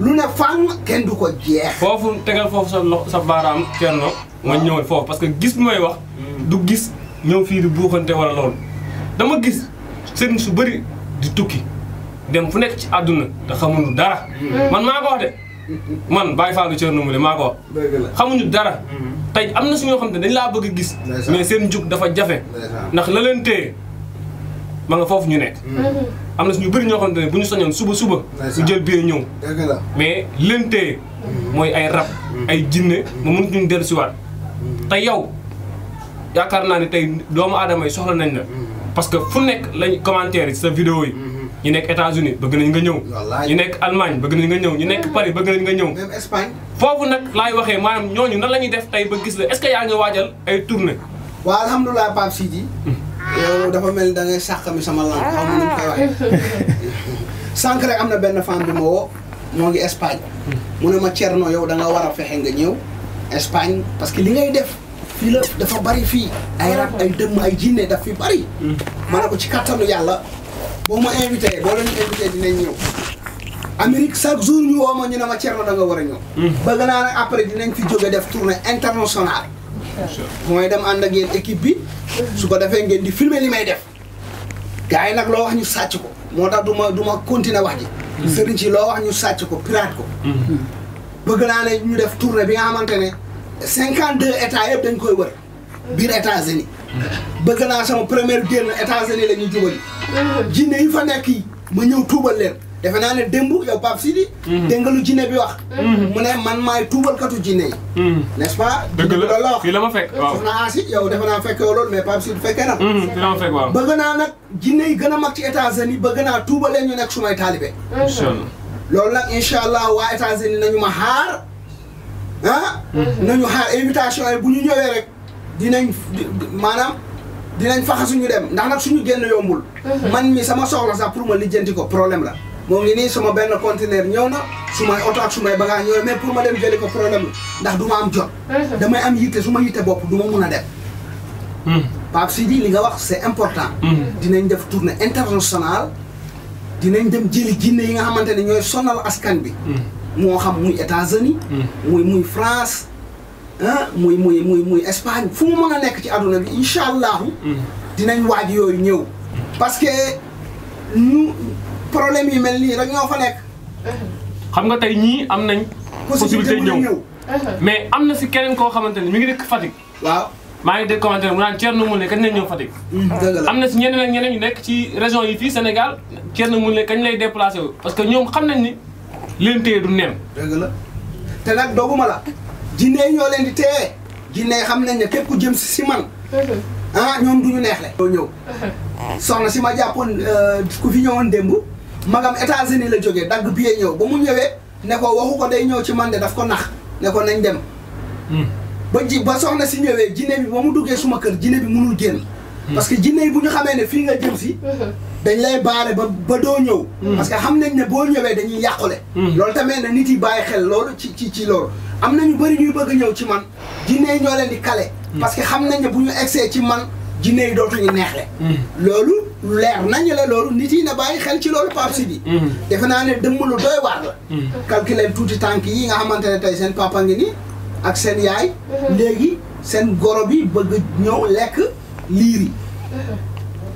lu ne fang kenn du ko jeex. foofu tegal foofu sa loxo sa baaraam kenn ma ñëw foofu parce que gis mooy wax. Mm. du gis ñëw fii di buuxante wala loolu. dama gis sëriñ su bëri di tukki dem fu nekk ci àdduna te xamuñu dara. Mm. man maa de man baay Fallou Thierno Moule maa ko wax. xamuñu dara. Mm-hmm. tey am na suñoo xam ne dañ laa bëgg a gis. mais seen jug dafa jafe. ndax la leen téye ma nga foofu ñu nekk. Mm-hmm. am na suñu bëri ñoo xam ne bu ñu soñoon suba suba. su jël bee ñëw. mais leen mm-hmm. mooy ay rab. ay jinne ma mënut ñu dellusiwaat. te yow yaakaar naa ne tey doomu aadama yi soxla nañ la. parce que fu nekk lañ commentaire yi sa vidéo yi. Mhm. ñu nekk États-Unis bëgg nañ nga ñëw. ñu nekk Allemagne bëgg nañ nga ñëw ñu nekk mhm. Paris bëgg nañ nga ñëw. même Espagne. foofu nag laay waxee maanaam ñooñu nan lañuy def tey ba gis la est-ce que yaa ngi waajal ay tournée. waaw alhamdulilah Pape Sidi. Hmm. yow dafa mel ni da ngay mi sama langue xaw ma mu am na benn femme ñoo ngi Espagne. Hmm. mu ne ma Thierno yow da war a fexe nga ñëw Espagne parce que li ngay def. fii dafa bari fii ay rab ay dëmm ay jinne daf fi bari hmm. ma ko ci kattanu yàlla boo ma invité boo leen invité dinañ ñëw Amérique chaque jour ñu woo ma ñu ne ma Thierno da nga war a ñëw hmm. bëgg naa nag après dinañ fi jóge def tournée internationale mooy dem ànd ak yéen équipe bi su ko defee ngeen di filmer li may def gars yi nag loo wax ñu sàcc ko moo tax du ma du ma continuer wax di hmm. sëriñ ci loo wax ñu sàcc ko pirate ko bëgg naa ne ñu def tournée bi nga xamante ne cinquante deux états yëpp dañ koy wër biir États-Unis bëgg naa sama première génn États-Unis la ñu jubali jinne yi fa nekk yi ma ñëw tuubal leen defe naa ne démb yaw Pape Sidi mm-hmm. dégg nga lu jinne bi wax mm-hmm. mu ne man maay tuubalkatu jinne yi mm-hmm. n'est-ce pas dëgg la la wax fii la ma fekk naa fekk yow loolu mais Pape Sidi na fii la ma fekk waaw bëgg naa nag jinne yi gën a mag ci ñu nekk su may taalibe loolu nag incha allah waa États-Unis nañu ma xaar ah. nañu xaar invitation yi bu ñu ñëwee rek dinañ maanaam dinañ faxa suñu dem ndax nag suñu génn yombul. Mhm. man mi sama soxla sax pour ma lijjanti ko problème la. moo ngi nii sama benn conteneur ñëw na su may oto ak su may bagage ñëw mais pour ma dem jëli ko problème la ndax du ma am jot. Mhm. damay am yitte su ma yitte bopp du ma mun a dem. Mhm. Pape Sidi li nga wax c' est important. dinañ def tournée internationale dinañ dem jëli jinne yi nga xamante ne ñooy sonal askan bi. moo xam muy États-Unis muy muy France muy muy muy muy Espagne fu mu a nekk ci àdduna bi incha allahu dinañ waaj yooyu ñëw parce que nu problème yi mel nii rek ñoo fa nekk xam nga tey ñii am nañ possibilité ñëw am na si keneen koo xamante ne mi ngi dëkk Fatick waaw maa ngi dégg commentaire mu naan Thierno Moule kañ mm, am na si ñeneen ak ñeneen ñu nekk ci région yi fii Sénégal Thierno Moule kañ lay déplacé wu parce que ñoom xam nañ ni li leen téye du nen. dëgg la te nag dooguma la jinne yi ñoo leen di te jinne yi xam nañ ne képp ku jëm si man. ah ñoom du ñu neexle. doo ñëw soxna si ma jàppoon euh, ku fi ñëwoon démb magam États-Unis la jógee dagg billet ñëw ba mu ñëwee ne ko waxu ko day ñëw ci man de daf ko nax ne ko nañ dem. Hmm. ba ji ba soxna si ñëwee jinne bi ba mu duggee suma kër jinne bi munul génn. Hmm. parce que jinne yi bu ñu xamee ne fii nga jëm si. Mhm. dañ lay baare ba ba doo ñëw. Hmm. parce que xam nañ ne boo ñëwee dañuy yàqule. Hmm. loolu tamit na nit yi bàyyi xel loolu ci ci ci loolu. am na ñu bëri ñuy bëgg ñëw ci man jinne yi ñoo leen di kale. parce que xam nañ ne bu ñu egsee ci man jinne yi dootuñu neexle. loolu leer nañu la loolu nit yi na bàyyi xel ci loolu Pape bi defe naa ne dëmm lu doy waar la. calculer tuuti tànk yi nga xamante ne tey seen papa ngi nii ak seen yaay. léegi seen goro bi bëgg ñëw lekk. liir yi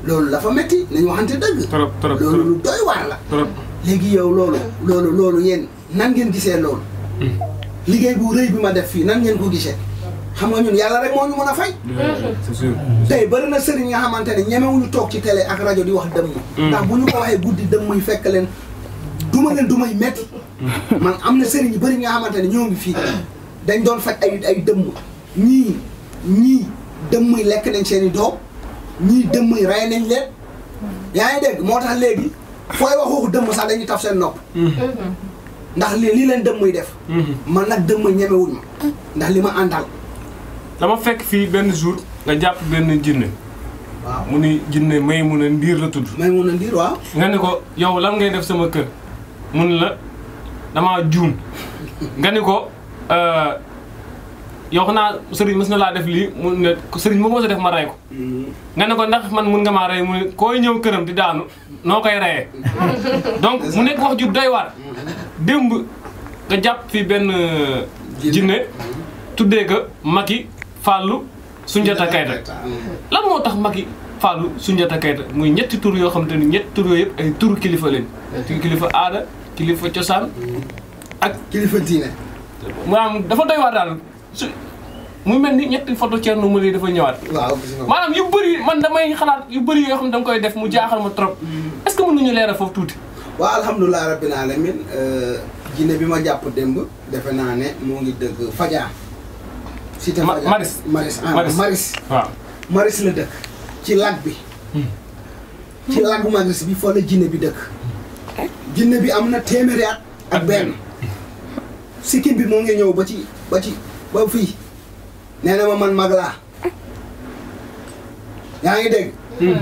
loolu la fa métti nañu waxante dëgg. loolu lu doy waar la. trop léegi yow loolu. loolu loolu yéen nan ngeen gisee loolu. Hmm. liggéey bu rëy bi ma def fii nan ngeen ko gisee. xam nga ñun yàlla rek moo ñu mën a fay. c'est sûr. tey bëri na sëriñ nga xamante ne ñemewuñu toog ci télé ak rajo di wax dëmm. Hmm. ndax bu ñu ko waxee guddi dëmm yi fekk leen duma leen dumay métti. Hmm. man am na sëriñ yu bëri nga xamante ne ñoo ngi fii dañ doon faj ay ay dëmm ñii ñii. dëmm lekk nañ seeni i doom ñii dëmm yi rey nañ leen yaa dégg moo tax léegi fooy wax waxu dëmm sax dañuy taf seen nopp ndax li lii leen dëmm yi def man nag dëmm yi ma ndax li ma àndal dama fekk fii benn jour nga jàpp benn jinne waaw mu ni jinne may mun a ndiir la tudd may mun a ndiir waaw nga ni ko yow lan ngay def sama kër mun la dama juum nga ni ko euh, yow naa sëriñ mës na laa def lii mu ne sëriñ moo mës a def ma rey ko nga ne ko ndax man mun nga maa rey mu ne koy ñëw këram di daanu noo koy reyee donc mu nekk wax ju doy waar nga jàpp fi benn euh, jinne tuddee ko Macky Fallou Soundiata Keita lan moo tax i Fallou Soundiata Keita muy ñetti tur yoo xam te ni ñetti tur yooyu yëpp ay tur kilifa leen kilifa aada kilifa cosaan mhm. ak kilifa diine maanaam dafa doy waar daal su mu mel ni ñetti photo Thierno Moule dafa ñëwaat. maanaam yu bëri man damay xalaat yu bëri yoo xam ne danga koy def mu jaaxal ma trop. Mm. est-ce que mën nañu leeral foofu tuuti. waaw alhamdulilah rabbil alamin euh, jinne bi ma jàpp démb defe naa ne moo ngi dëgg Fadia. cité Fadia Maris Maris ah, Maris Maris. la dëkk ci lac bi. Mm. ci lac bu Maris bi foo la jinne bi dëkk. jinne bi am na téeméeri at ak benn. sikkim bi moo ngi ñëw ba ci ba ci. ba fii nee na ma man mag laa yaa ngi dégg. Hmm.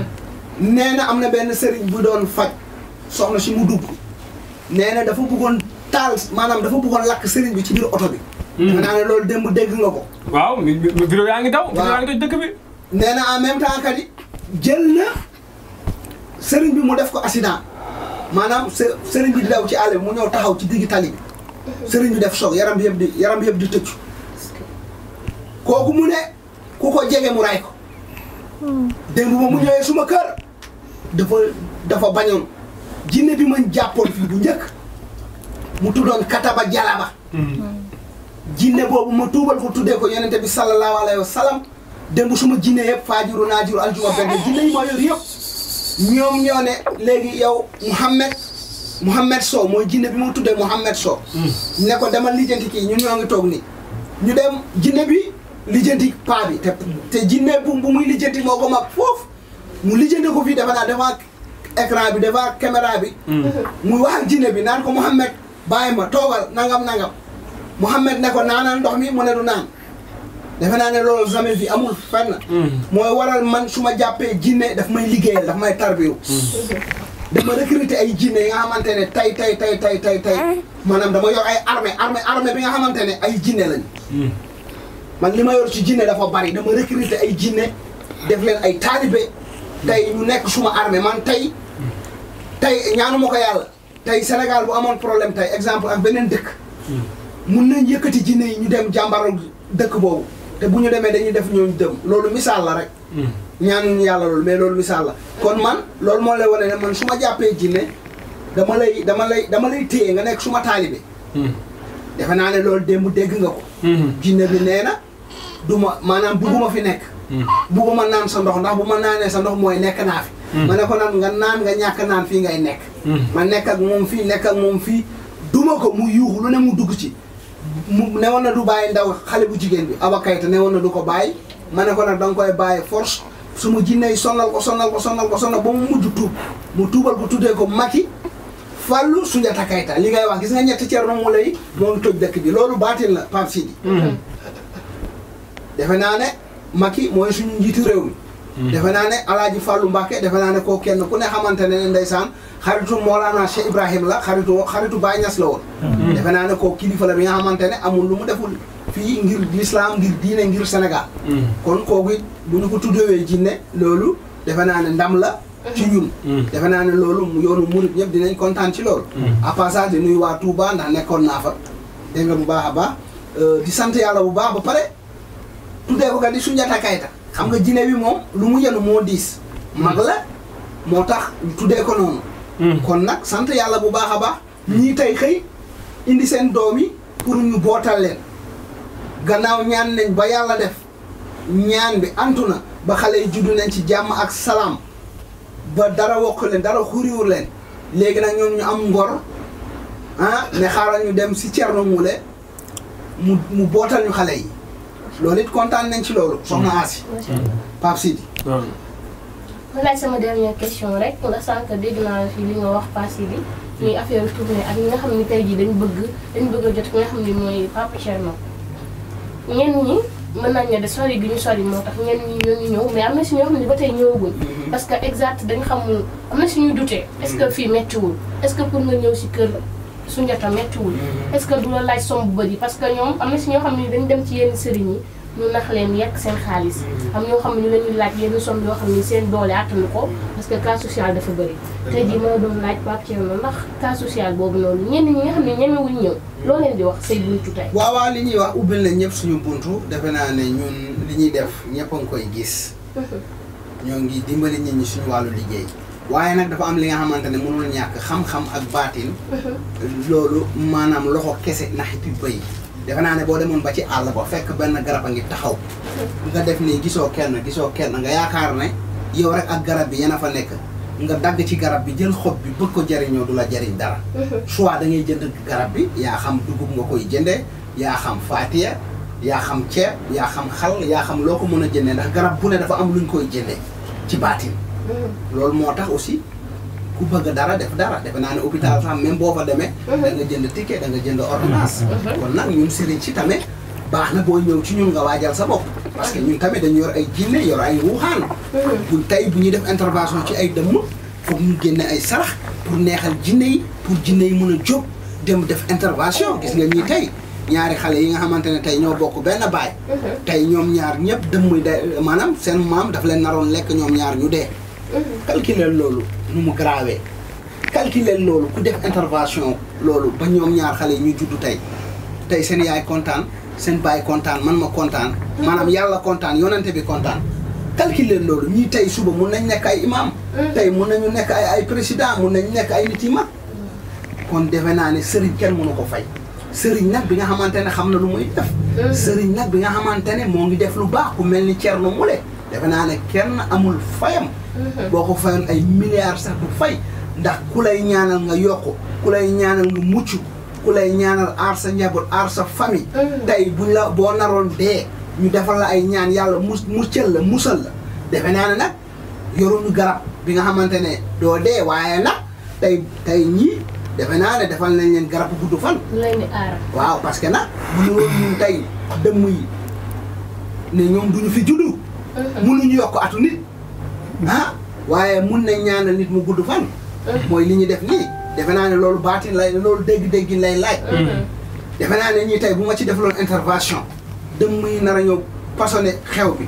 nee na am na benn sëriñ bu doon faj soxna si mu dugg nee na dafa buggoon taal maanaam dafa buggoon lakk sëriñ bi ci biir oto bi. Hmm. dafa naa ne loolu démb dégg nga waaw vidéo yaa ngi daw. vidéo yaa ngi nee na en même temps kat yi jël na sëriñ bi mu def ko accident maanaam së sëriñ bi di daw ci àll bi mu ñëw taxaw ci digg tali bi sëriñ bi def choc yaram bi yëpp di yaram bi yëpp di tëccu. kooku mu ne ku ko jege mu ray ko. démb ma mu ñëwee suma kër. dafa dafa bañoon jinne bi man jàppoon fii bu njëkk mu tuddoon kataba jalaba boobu ma tuubal ko tuddee ko yonente bi sallallahu alayhi wa sallam démb suma jinne yëpp faajuru naajuru aljuma benn jinne yi ma yëpp ñoom ñoo ne léegi yow Mouhamed Mouhamed Sow mooy jinne bi mu tuddee Mouhamed Sow mm. ne ko demal lijjanti kii ñun ñoo ngi toog nii ñu dem jinne bi lijjanti paa bi te te jinne bu bu muy lijjanti moo ko mag foofu mu lijjanti ko fii dafa naa devant écran bi devant caméra bi mm. mu wax ak jinne bi naan ko Mouhamed bàyyi ma toogal nangam nangam Mouhamed ne ko naanal ndox mi mu ne du naan defe naa ne loolu jamais fi amul fenn mm. mooy waral man su ma jàppee jinne daf may liggéeyal daf may tarbiyu mm. dama recruter ay jinne yi nga xamante ne tay tay tay tay tay tay eh? dama yor ay arme armée armée bi nga xamante ne ay jinne lañ man li ma yor ci jinne dafa bari dama recruter ay jinne def leen ay taalibe tey ñu nekk suma armée man tey tey ñaanu ma ko yàlla tey Sénégal bu amoon problème tey exemple ak beneen dëkk mun nañ yëkkati jinne yi ñu dem jàmbaral dëkk boobu te bu ñu demee dañuy def ñooñu dem loolu misaal la rek hmm. ñaanuñu yàlla loolu mais loolu misaal la kon man loolu moo lay wane ne man su ma jàppee jinne dama lay dama lay dama lay téye nga nekk suma taalibe hmm. defe naa ne loolu démb dégg nga ko hmm. bi nee na du ma maanaam bugguma fi nekk. Hmm. bugguma naan sa ndox ndax bu ma naanee sa ndox mooy nekk naa fi. Hmm. ma ne ko nag nga naan nga ñàkk naan fii ngay nekk. Hmm. ma nekk ak moom fii nekk ak moom fii duma ko mu yuuxu lu ne mu dugg ci. mu newoon na du bàyyi ndaw xale bu jigéen bi Aba Kayta newoon na du ko bàyyi ma ne ko nag danga koy bàyyi force su ma jinney sonal ko sonal ko sonal ko sonal ba mu mujj tuub mu tuubal ko tuddee ko Mati Fàllu Sunjata Kayta li ngay wax gis nga ñetti Thierno Moule yi. moo toj dëkk bi loolu baatin la Pape yi defe naa ne Macky mooy suñu njiitu réew mi. Hmm. defe naa ne El Hadj Fallou Mbacke defe naa ne ko kenn ku ne xamante ne ndeysaan xaritu Mawlana Cheikh Ibrahim la xaritu xaritu Baye Niass la woon. Hmm. defe naa ne koo kilifa la bi nga xamante ne amul lu mu deful fii ngir l'islam ngir diine ngir Sénégal. Hmm. kon kooku bu ñu ko tuddewee jinne loolu defe naa ne ndam la. defe naa ne loolu ñëpp dinañ kontaan ci loolu. à passage di nuyu waa Touba ndax nekkoon naa fa. dégg bu baax a baax euh, di sant yàlla bu baax ba pare. tuddee ko nga di Soundiata Keita xam nga jine bi moom lu mu yenu moo diis mag la moo tax tuddee ko noonu hmm. kon nag sant yàlla bu baax a baax ñii tey xëy indi seen doom yi pour ñu bootal leen gannaaw ñaan nañ ba yàlla def ñaan bi antu na ba xale yi juddu nañ ci jàmm ak salaam ba dara wokk leen dara xuriwul leen léegi nag ñoom ñu am ngor ah ne xaaral ñu dem si Thierno Moule mu mu bootal ñu xale yi loolu it kontaan nañ ci loolu. soxna mm-hmm. Asi. Pape Sidi. ma laaj sama dernière question rek ndax sànq dégg naa fi li nga wax Pape Sidi muy affaire tournée ak ñi nga xam ni tey gi dañu bëgg dañ bëgg a jot ki nga xam ne mooy Pape Thierno ñenn ñi mën nañ ne de sori gi ñu sori moo tax ñenn ñi ñoo ñu ñëw mais am na si ñoo xam ne ba tey ñëw ñëwaguñ. Mm-hmm. parce que exact dañ xamul am na si ñuy dute. est-ce que mm-hmm. fii méttiwul est-ce que pour nga ñëw si kër Sunjata méttiwul mm-hmm. est ce que du la laaj somme bu bëri parce que ñoom am na si ñoo xam ne dañ dem ci yenn sëriñ yi ñu nax leen yekk seen xaalis mm-hmm. am ñoo xam ne ñu lañuy laaj yenn somme yoo xam ne seen doole àttanu ko parce que cas social dafa bëri tey jii moo doon laaj Pape Thierno social boobu noonu ñenn ñi nga xam ne ñemewuñ ñëw loo leen di wax say buntu tey waaw li ñuy wax ubbil na ñëpp suñu buntu defe naa ne ñun li ñuy def ñëpp a ngi koy gis mm-hmm. ñoo ngi dimbali nit ñu suñu wàllu liggéey waaye nag dafa am li nga xamante ne mënul ñàkk xam-xam ak baatin loolu maanaam loxo kese naxiti bay defe naa ne boo demoon ba ci àll ba fekk benn garab a ngi taxaw nga def nii gisoo kenn gisoo kenn nga yaakaar ne yow rek ak garab bi yéen a fa nekk nga dagg ci garab bi jël xob bi bëgg ko jariñoo du la jariñ dara soit da ngay jënd garab bi yaa xam dugub nga koy jëndee yaa xam faatiya yaa xam ceeb yaa xam xal yaa xam loo ko mën a jëndee ndax garab bu ne dafa am luñ koy jëndee ci baatin loolu moo tax aussi ku bëgg dara def dara defe naa ne hôpital sax même boo fa demee. da nga jënd ticket da nga jënd ordonnance. kon nag ñu sëriñ ci tamit baax na boo ñëw ci ñun nga waajal sa bopp. parce que ñun tamit dañu yor ay jinne yor ay ruuxaan. bu tey bu ñuy def intervention ci ay dëmm foog ñu génne ay sarax pour neexal jinne yi pour jinne yi mun a jóg dem def intervention gis nga ñii tey. ñaari xale yi nga xamante ne tey ñoo bokk benn baay. tey ñoom ñaar ñëpp dëmm de maanaam seen maam daf leen naroon lekk ñoom ñaar ñu dee. calculer loolu nu mu gravé calculer loolu ku def intervention loolu ba ñoom ñaar xale yi ñu juddu tey tey seen yaay kontaan seen baay kontaan man ma kontaan mhm. maanaam yàlla kontaan yonente bi kontaan calculer loolu ñii tey suba mun nañ nekk ay imam mhm. tey mun nañu nekk ay ay président mun nañu nekk ay nit yi mag kon defe naa ne sëriñ kenn mënu ko fay sëriñ nag bi nga xamante ne xam na lu muy def mhm. sëriñ nag bi nga xamante ne moo ngi def lu baax ku mel ni Thierno Moule defe naa ne kenn amul fayam Mhm. boo ko fayoon ay milliards sax du fay ndax ku lay ñaanal nga yokk ku lay ñaanal nga mucc ku lay ñaanal aar sa njaboot aar sa famille mhm. tey buñ la boo naroon dee ñu defal la ay ñaan yàlla mus muccal la musal la defe naa ne nag yoruñu garab bi nga xamante ne doo dee waaye nag tey tey ñii defe naa ne defal na leen garab gudd fan waaw parce que ñu woon ñun tey dëmm yi ne ñoom duñu fi juddu mhm. mënuñu yokk atu nit ah waaye mun nañ ñaanal nit mu gudd fan. mooy li ñu def nii defe naa ne loolu baatin lay loolu dégg-dégg lay laaj. Mm-hmm. defe naa ne ñii tey bu ma ci def loolu intervention dëmm yi nar a ñëw pasonné xew bi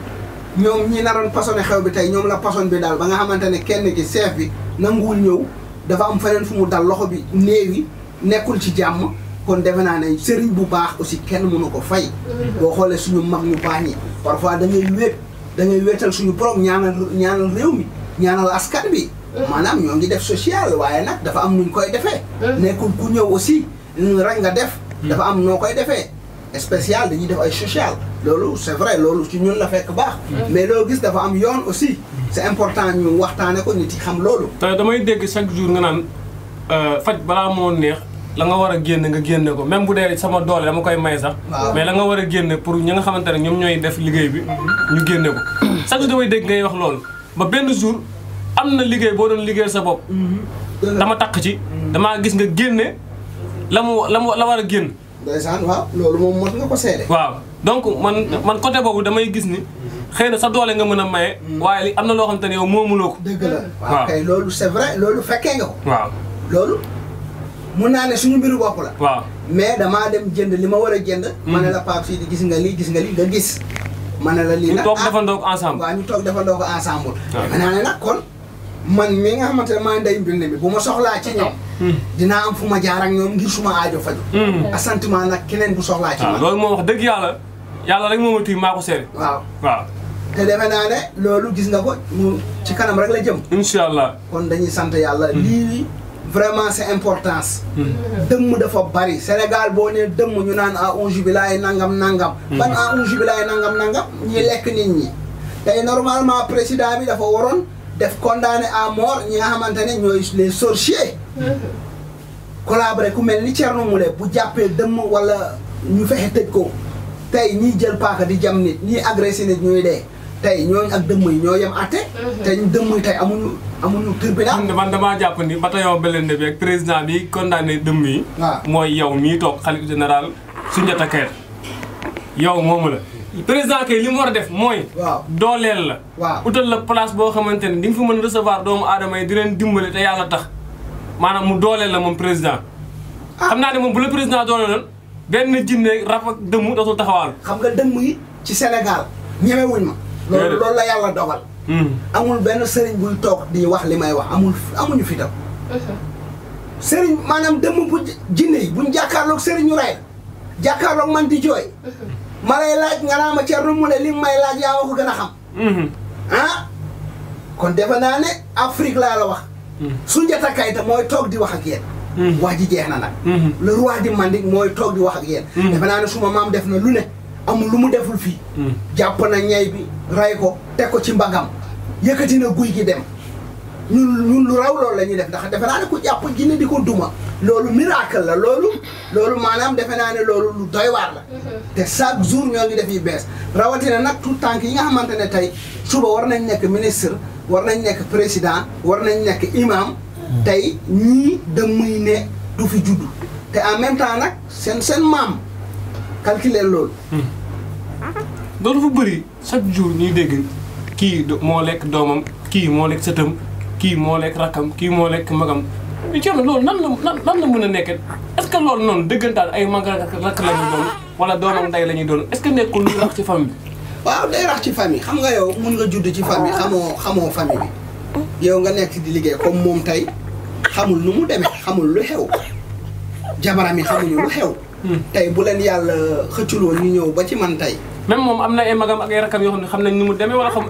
ñoom ñi naroon pasonné xew bi tey ñoom la pason bi daal ba nga xamante ne kenn ki chef bi nanguwul ñëw dafa am feneen fu mu dal loxo bi néewi nekkul ci jàmm kon defe naa ne sëriñ bu baax aussi kenn mënu ko fay. Mm-hmm. boo xoolee suñu mag ñu baax ñi parfois da wép dañuy wéetal suñu borom ñaanal ñaanal réew mi ñaanal askan bi. Mm-hmm. maanaam ñoo ngi def social waaye nag dafa am nuñ koy defee. Mm-hmm. nekkul ku ñëw aussi rek nga def. Mm-hmm. dafa am noo koy defee. spécial dañuy def ay sociale loolu c'est vrai loolu ci ñun la fekk baax. mais loo gis dafa am yoon aussi. c'est important ñu waxtaane ko ñu yi xam loolu. te damay dégg chaque jour nga naan euh, faj balaa moo neex. la nga war a génn nga génne ko même bu dee sama doole dama koy may sax mais la nga war a génne pour ñi nga xamante ne ñoom ñooy def liggéey bi ñu génne ko chaque damay dégg ngay wax loolu ba benn jour am na liggéey boo doon liggéey sa bopp mm-hmm. dama ci damaa gis nga génne la mu la mu la war a génn ndeysaan waaw loolu moom nga ko seede waaw donc man man côté boobu damay gis ni xëy na sa doole nga mën a maye mm. waaye li am na loo xam te ne yow moomuloo ko dëgg la waaw kay loolu c'est loolu fekkee nga ko waaw loolu mun naa ne suñu mbiru bopp la. waaw mais damaa dem jënd li ma war a jënd. Hmm. ma ne la Pape di gis nga lii gis nga lii nga gis. ma ne la lii nag ñu toog ah, defandoo ko ensemble. waaw ñu toog defandoo ko ensemble. waaw kon man mi nga xamante ne maa nday mbind bu ma soxlaa ci ñoom. Hmm. dinaa fu ma jaar ak ñoom ngir suma aajo faju hmm. asantiment nag keneen bu soxlaa ci ah, man. moo wax dëgg yàlla yàlla rek moo ma tuy maa waaw waaw. te defe gis nga ko ci kanam rek la jëm. incha allah kon dañuy sant yàlla lii vraiment c'est importance dëmm dafa bari Sénégal boo nee dëmm ñu naan a ah unju bi nangam nangam ban a ah unju bi laay nangam nangam ñi lekk nit ñi tey normalement président bi dafa waroon def condamné à mort ñi nga xamante ne ñooy les sorciers collaboré ku mel ni Thierno Moule bu jàppee dëmm wala ñu fexe tëj ko tey ñiy jël paaka di jam nit ñiy agressé nit ñuy dee tey ñooñu ak dëmm yi ñoo yem àtte. Mhm. tey ñu dëmm yi tey amuñu amuñu tribunal. man damaa jàpp ni Bataillon Bélendé bi ak président bi condamné dëmm yi. waaw mooy yow mii toog xalif général Soundiata Keita yow moomu la. président li mu war a def mooy. waaw dooleel la. waaw utal la place boo xamante ne di nga fi mën recevoir doomu aadama yi di leen dimbale te yàlla tax maanaam mu dooleel la moom président. Ah. xam naa ne moom bu la président la benn jinne rab ak dëmm dootul taxawaal. xam nga dëmm yi ci Sénégal ñemewuñ ma. loolu loolu la yàlla dogal hmm. amul benn sëriñ buy toog di wax li may wax amul amuñu fi tam uh-huh. sëriñ maanaam dëmm bu jinne yi buñ jàkkaarloog sëriñu ñu rey jàkkaarloog man di jooy uh-huh. ma lay laaj nga naa ma Thierno mu ne li may laaj yaa ma ko gën a xam hmm. ah kon defe naa ne Afrique laa la wax hmm. Soundiata Keita mooy toog di wax ak yéen wax ji jeex na nag le wax di Manding mooy toog di wax ak yéen defe naa ne suma maam def na lu ne amul lu mu deful fii. Hmm. jàpp na ñay bi ray ko teg ko ci mbagam yëkkati na guy gi dem ñun ñun lu raw loolu la ñuy def ndax defe naa ne ku jàpp jinne di ko duma. loolu miracle la loolu. loolu maanaam defe naa ne loolu lu doy waar la. Mhm. te chaque jour ñoo ngi def yu bees rawatina nag tout tànk yi nga xamante ne tey suba war nañ nekk ministre war nañ nekk président war nañ nekk imam. Hmm. tey ñii da muy ne du fi juddu. te en même temps nag seen seen maam calculer loolu. Hmm. loolu dafa bëri chaque jour ñuy dégg kii moo lekk doomam kii moo lekk sëtam kii moo lekk rakkam kii moo lekk magam mais Thierno loolu nan la nan nan la mën a nekkee est-ce que loolu noonu dëggantaan ay mag rakk la ñuy doon wala doomam day la ñuy doon est-ce que nekkul lu rax ci famille bi. waaw day rax ci famille xam nga yow mun nga juddu ci famille xamoo xamoo famille bi yow nga nekk di liggéey comme moom tey xamul nu mu demee xamul lu xew jabaram yi xamuñu lu xew. tey bu leen yàlla xëcculoo ñu ñëw ba ci man tey. même moom am na ay magam ak ay rakam yoo xam ne xam nañ ni mu demee wala xam.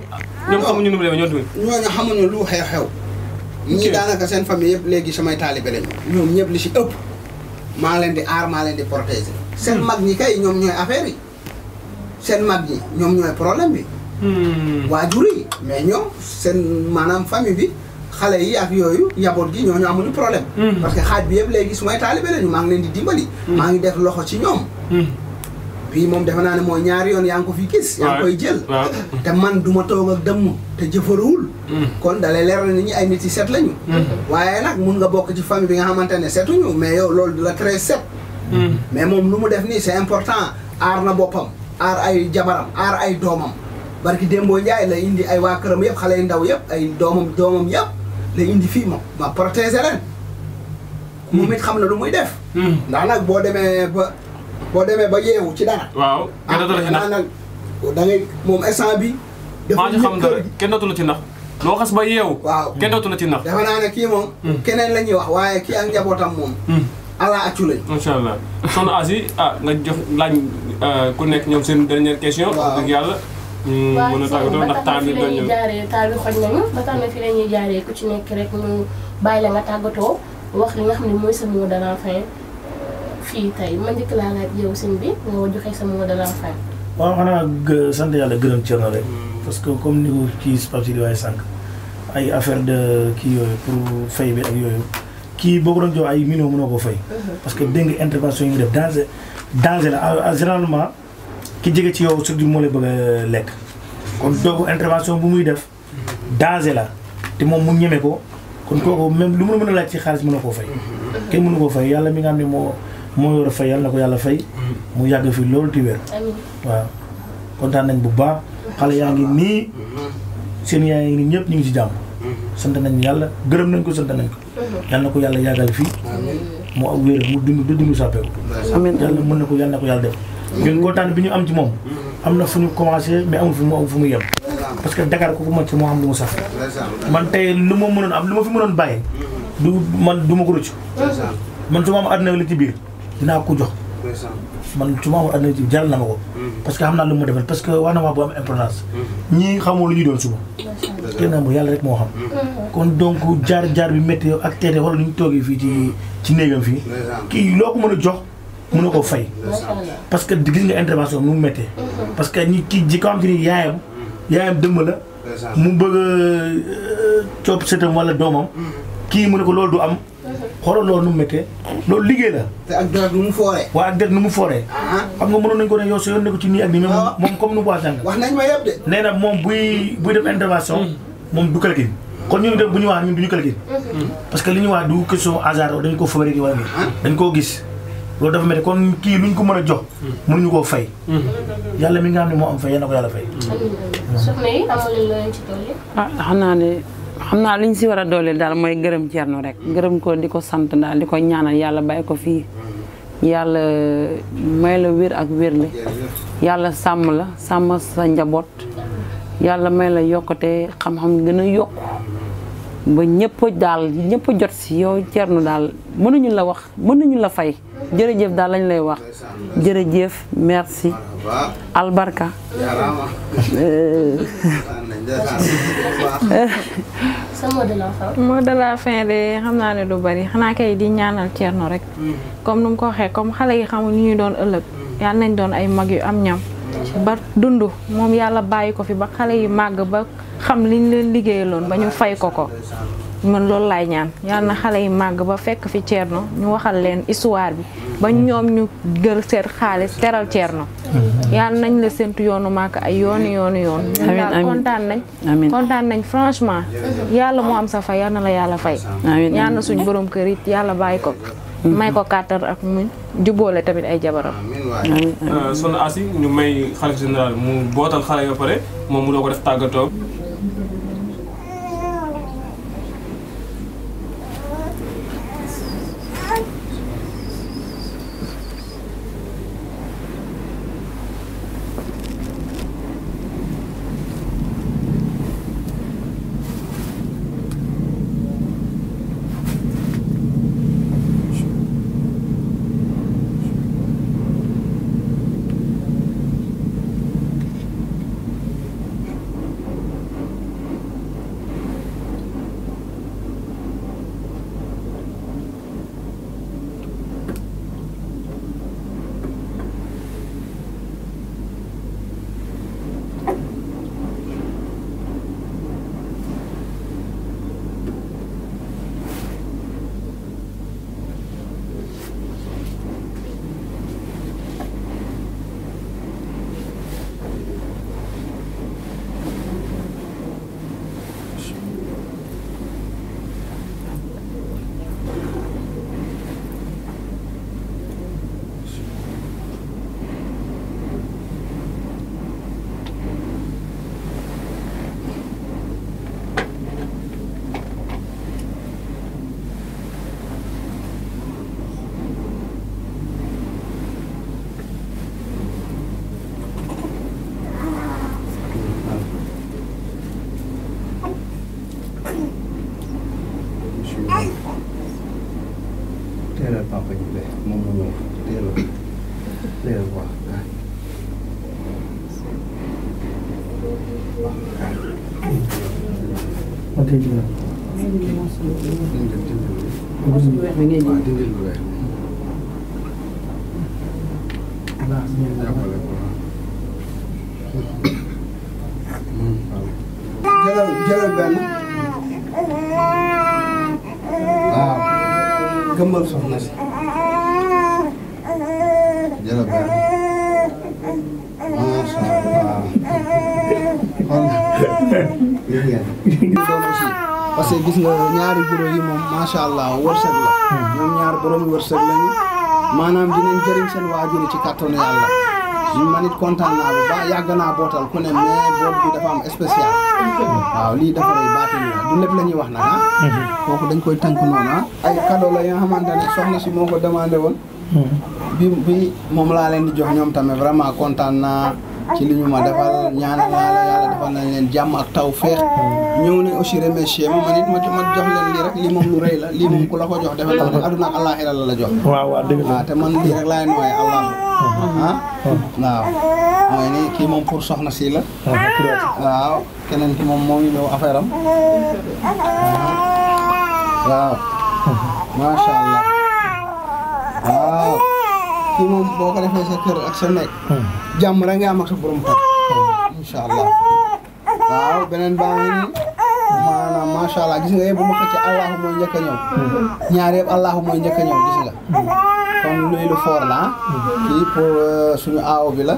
ñoom xamuñu nu mu demee ñoo demee. ñooñu xamuñu lu xew-xew. ñii daanaka seen famille léegi samay taalibe lañu. ñoom ñëpp li si ëpp maa leen di aar maa leen di protéger. seen hmm. mag ñi kay ñoom ñooy affaire yi seen mag ñi ñoom ñooy problème bi. Hmm. waa yi mais ñoom seen maanaam famille bi. xale yi ak yooyu yaboot gi ñoo ñooñu amuñu problème hmm. parce que xaaj bi yëpp léegi su may taalibe lañu maa ngi leen di dimbali hmm. maa ngi def loxo ci ñoom hmm. bii moom defe naa ne mooy ñaari yoon yaa ngi ko fi gis yaa ngi koy jël te man duma toog ak dëmm te jëfaruwul kon dalay leer na ni ñi ay nit yi set lañu waaye nag mun nga bokk ci famille bi nga xamante ne setuñu mais yow loolu du la très set mais moom lu mu def nii c'est important aar na boppam aar ay jabaram aar ay doomam barki démboo Njaay la indi ay waa këram yëpp xale yu ndaw yëpp ay doomam doomam yëpp lay indi fi ma ma protéger leen. Hmm. moom it xam na lu muy def. Hmm. ndax boo demee ba boo demee ba yeewu ci dara. waaw ah, kenn dootu la ci ndax da ngay moom instant bi dafa xam dara kenn ci ndax. loo xas ba yeewu. waaw kenn dootu la ci ndax. defe naa ne kii moom. Hmm. keneen la ñuy wax waaye kii ak njabootam moom. ala accu lañ. macha allah soxna Asi ah nga jox laaj ah, ku nekk ñoom seen dernière question. waaw wax yàlla. mën a tàggatoo ndax temps bi jaaree temps bi xoj nañu ba tax na fi la jaaree ku ci nekk rek ñu bàyyi la nga tàggatoo wax li nga xam ne mooy sa mot de la fin fii tey ma njëkk laa laaj yow sëñ bi nga joxe sa mot de la fin. waaw xanaa sant yàlla gërëm Thierno rek. Mm. parce que comme ni ko kii Spapsi di waaye sànq ay affaire de kii yooyu pour fay bi ak yooyu kii boo ko doon jox ay millions mënoo ko fay. Mm-hmm. parce que dégg nga intervention yi def danger danger la généralement. ki jege ci yow sëg moo lay bëgg a lekk kon donc intervention bu muy def danger la te moom mu ñeme ko kon kooku même lu a mën a laaj ci xaalis mën na koo fay kenn mun koo fay yàlla mi nga xam ne moo moo yor a fay yàlla ko yàlla fay mu yàgg fi loolu ti wér waaw nañ bu baax xale yaa ngi nii seen yaa ngi nii ñëpp ñu ngi ci jàmm sant nañ yàlla gërëm nañ ko sant nañ ko yàlla na ko yàlla yàggal fii mu ak wér mu dund ba dund sàppeeku yàlla mën na ko yàlla na ko yàlla def ngir ngóotaan bi ñu am ci moom am na fu ñu commencé mais amul fu mu fu mu yem parce que Dakar ko ko mocc moo xam lu mu sax man tey lu ma mënoon am lu ma fi mënoon bàyyee du man du ma ko rëccu man su ma am àdduna li ci biir dinaa ko jox man su ma am àdduna ci biir jàll na ma ko parce que xam naa lu mu defal parce que wax na wax bu am importance ñii xamoo lu ñu doon suba kenn amul yàlla rek moo xam kon donc jaar jaar bi météo ak teete xool lu ñu toogee fii ci ci néegam fii kii loo ko mën a jox mënoo ko fay. parce que gis nga intervention mu méttee. parce que ñi kii ji ko xam te ni yaayam yaayam dëmb la. mu bëgg a euh, coop sëtam doomam. kii mu ne ko loolu du am. xoolal loolu nu mu méttee loolu liggéey la. te ak deret nu mu fooree. waaw ak deret nu mu fooree. Ah. xam nga mënoon nañu ko ne yow sa yoon ne ci nii ak nii. waaw ah. moom comme nu mu ko waxee wax nañ ma na moom buy buy def intervention. Hmm. moom du calcul. kon ñun de bu ñu wax ñun du ñu calcul. Hmm. parce que li ñu wax du question hasard ko fabriqué ah. dañ koo gis. loolu dafa mel ni kon kii luñ ko mën a jox. Hmm. mënuñu koo fay. Hmm. yàlla mi nga xam ne moo am fay yéen a ko yàlla fay. ah xam naa ne xam naa li ñu si war a dooleel daal mooy gërëm Thierno rek gërëm ko di ko sant daal di ko ñaanal yàlla bàyyi ko fii. yàlla may la wér ak wérle yàlla sàmm la sàmm sa njaboot yàlla may la yokkute xam-xam gën a yokk ba ñëpp daal ñëpp jot si yow Thierno daal mën nañu la wax mën nañu la fay jërëjëf daal lañ lay wax jërëjëf merci albarka moo de la fin de xam naa ne du bari xanaa kay di ñaanal Thierno rek comme nu ko waxee comme xale yi xamul ni ñuy doon ëllëg yàlla nañ doon ay mag yu am ñam ba dund moom yàlla bàyyi ko fi ba xale yi màgg ba xam liñ leen liggéeyaloon ba ñu fay ko ko mën loolu laay ñaan yal na xale yi màgg ba fekk fi no ñu waxal leen histoire bi ba ñoom ñu gër seen xaalis teral Thierno mm-hmm. yal nañ la séntu yoonu màgg ay yoonu yoonu yoon daal kontaan nañ kontaan nañ franchement yàlla moo am sa fay yal na la yàlla fay ñaan na suñ borom kër it yàlla bàyyi ko mm-hmm. may ko kàttan ak muñ jubboole tamit ay jabaram euh, son asi ñu may xale général mu bootal xale ba pare moom mi ngi nii jëlal jëlal benn waaw gëmbal soxna si jëlal benn macha allah parce que gis nga ñaari guro yi moom macha allah wërsëg la. ñoom ñaar borom wërsëg lañu maanaam dinañ jëriñ seen waajur ci kàttanu yàlla. man it kontaan naa bu baax yàgg naa bootal ku ne mais boot bi dafa am spécial. waaw lii dafa lay baatin la du lépp la ñuy wax nag ah. kooku dañ koy tënk noonu ah. ay cadeau la yoo xamante ne soxna si moo ko demandé woon. Hmm. bi bi moom laa leen di jox ñoom tamit vraiment kontaan naa. ci li ma defal ñaanal naa la yàlla defal nañ leen jàmm ak taw feex ñëw ne aussi remercier ma man ma jox leen lii rek lii moom lu rëy la lii moom ku la ko jox defe naa ko aduna ak àllaaxira la la jox waaw la ah, te man lii rek laay nooye allah ah waaw mooy ni kii moom pour soxna si la ah, waaw keneen ki moom moo ngi ñëw affaire ah. waaw kii moom boo ko defee sa kër ak sa nekk. Hmm. jàmm rek nga am sa borom kër. Hmm. incha allah waaw beneen baa ngi nii maanaam allah gis nga yëpp bu ma xëccee allahu mooy njëkk a ñëw. Hmm. ñaar yëpp allahu mooy njëkk a gis nga. kon luy lu foor la ah. kii pour euh, suñu aaw bi la.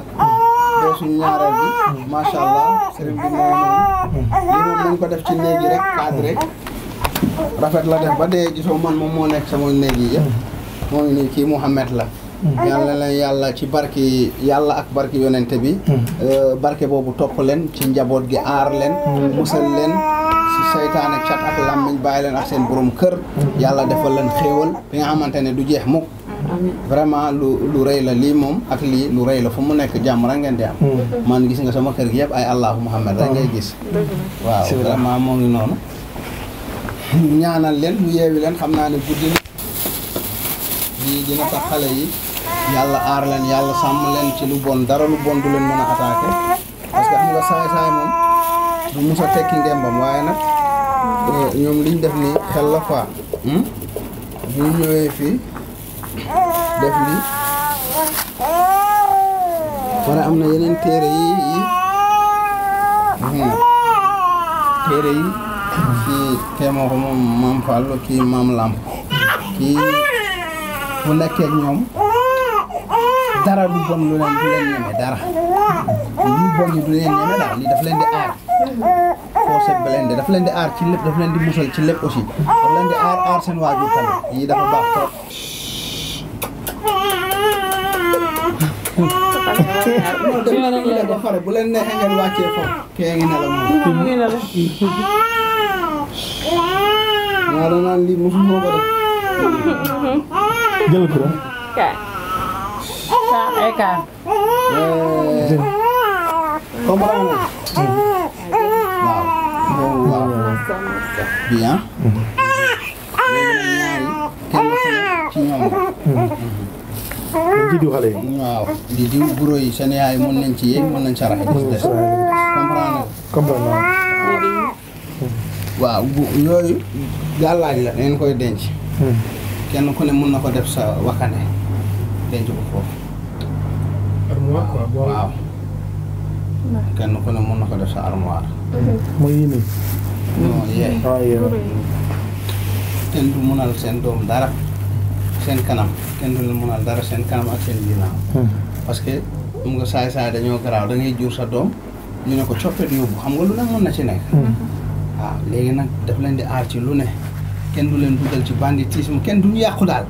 bee suñu ñaareel bi. macha allah sëriñ bi mooy moom ko def ci néeg yi rek cadre rek. rafet la def ba dee gisoo man moom moo nekk sama néeg yi yëpp. moo ngi nii kii Mouhamed la. Mm. yàlla la yàlla ci barki yàlla ak barki yonente bi mm. euh, barke boobu topp leen ci njaboot gi aar leen mm. musal leen si seytaane cat ak làmmiñ bàyyi leen ak seen boroom kër yàlla defal leen xéewal bi nga xamante ne du jeex mukk vraiment lu lu rëy la lii moom ak lii lu rey la fu mu nekk jàmm rek ngeen de am man gis nga sama kër gi yëpp ay allahu muhammad rek ngay gis waaw vraiment moo ngi noonu ñaanal leen mu yeewi leen xam naa ne guddi lii dina tax xale yi yàlla aar leen yàlla sàmm leen ci lu bon dara lu bon du leen mën a attaqué parce xam nga saay saay moom du mus a tekki ndembam waaye nag eh, ñoom liñ def nii xel la quoi hmm? bu ñëwee fii def lii wala am na yeneen téere yi téere yi kii keemoo ko moom maam Fallou kii maam Lamp kii bu nekkee ñoom dara lu bon lu leen du leen ñeme dara lu bon lii daf leen di aar fooseb ba leen di leen di aar ci lépp daf leen di musal ci lépp aussi daf leen di aar aar seen waajur tamit yii dafa baax bu leen neexee ngeen wàccee foofu kee ngi nelaw moom maa doon naan lii mosuma ko def jël ko Eka. Eka. comprendre nga. waaw. waaw bien. ci yi. di diw guro yi seen yaay mën nañ ci yéeg mën nañ ci raxe. comprendre comprendre waaw bu yooyu la ngeen koy denc. kenn ku ne mën na ko def sa waxande denc ko foofu. armoire quoi waaw. kenn ku ne mën na ko def sa armoire. mooy mm-hmm. yii nii. non yee. Mm-hmm. kenn du mënal seen doom dara seen kanam kenn du leen mënal dara seen kanam ak seen ginnaaw. Mm-hmm. parce que xam nga saay saay dañoo garaaw da ngay jur sa doom ñu ne ko coppet yóbbu xam nga lu ne mën na ci nekk. waaw ah, léegi nag daf leen di aar ci lu ne kenn du leen dugal ci banditisme kenn du yàqu daal.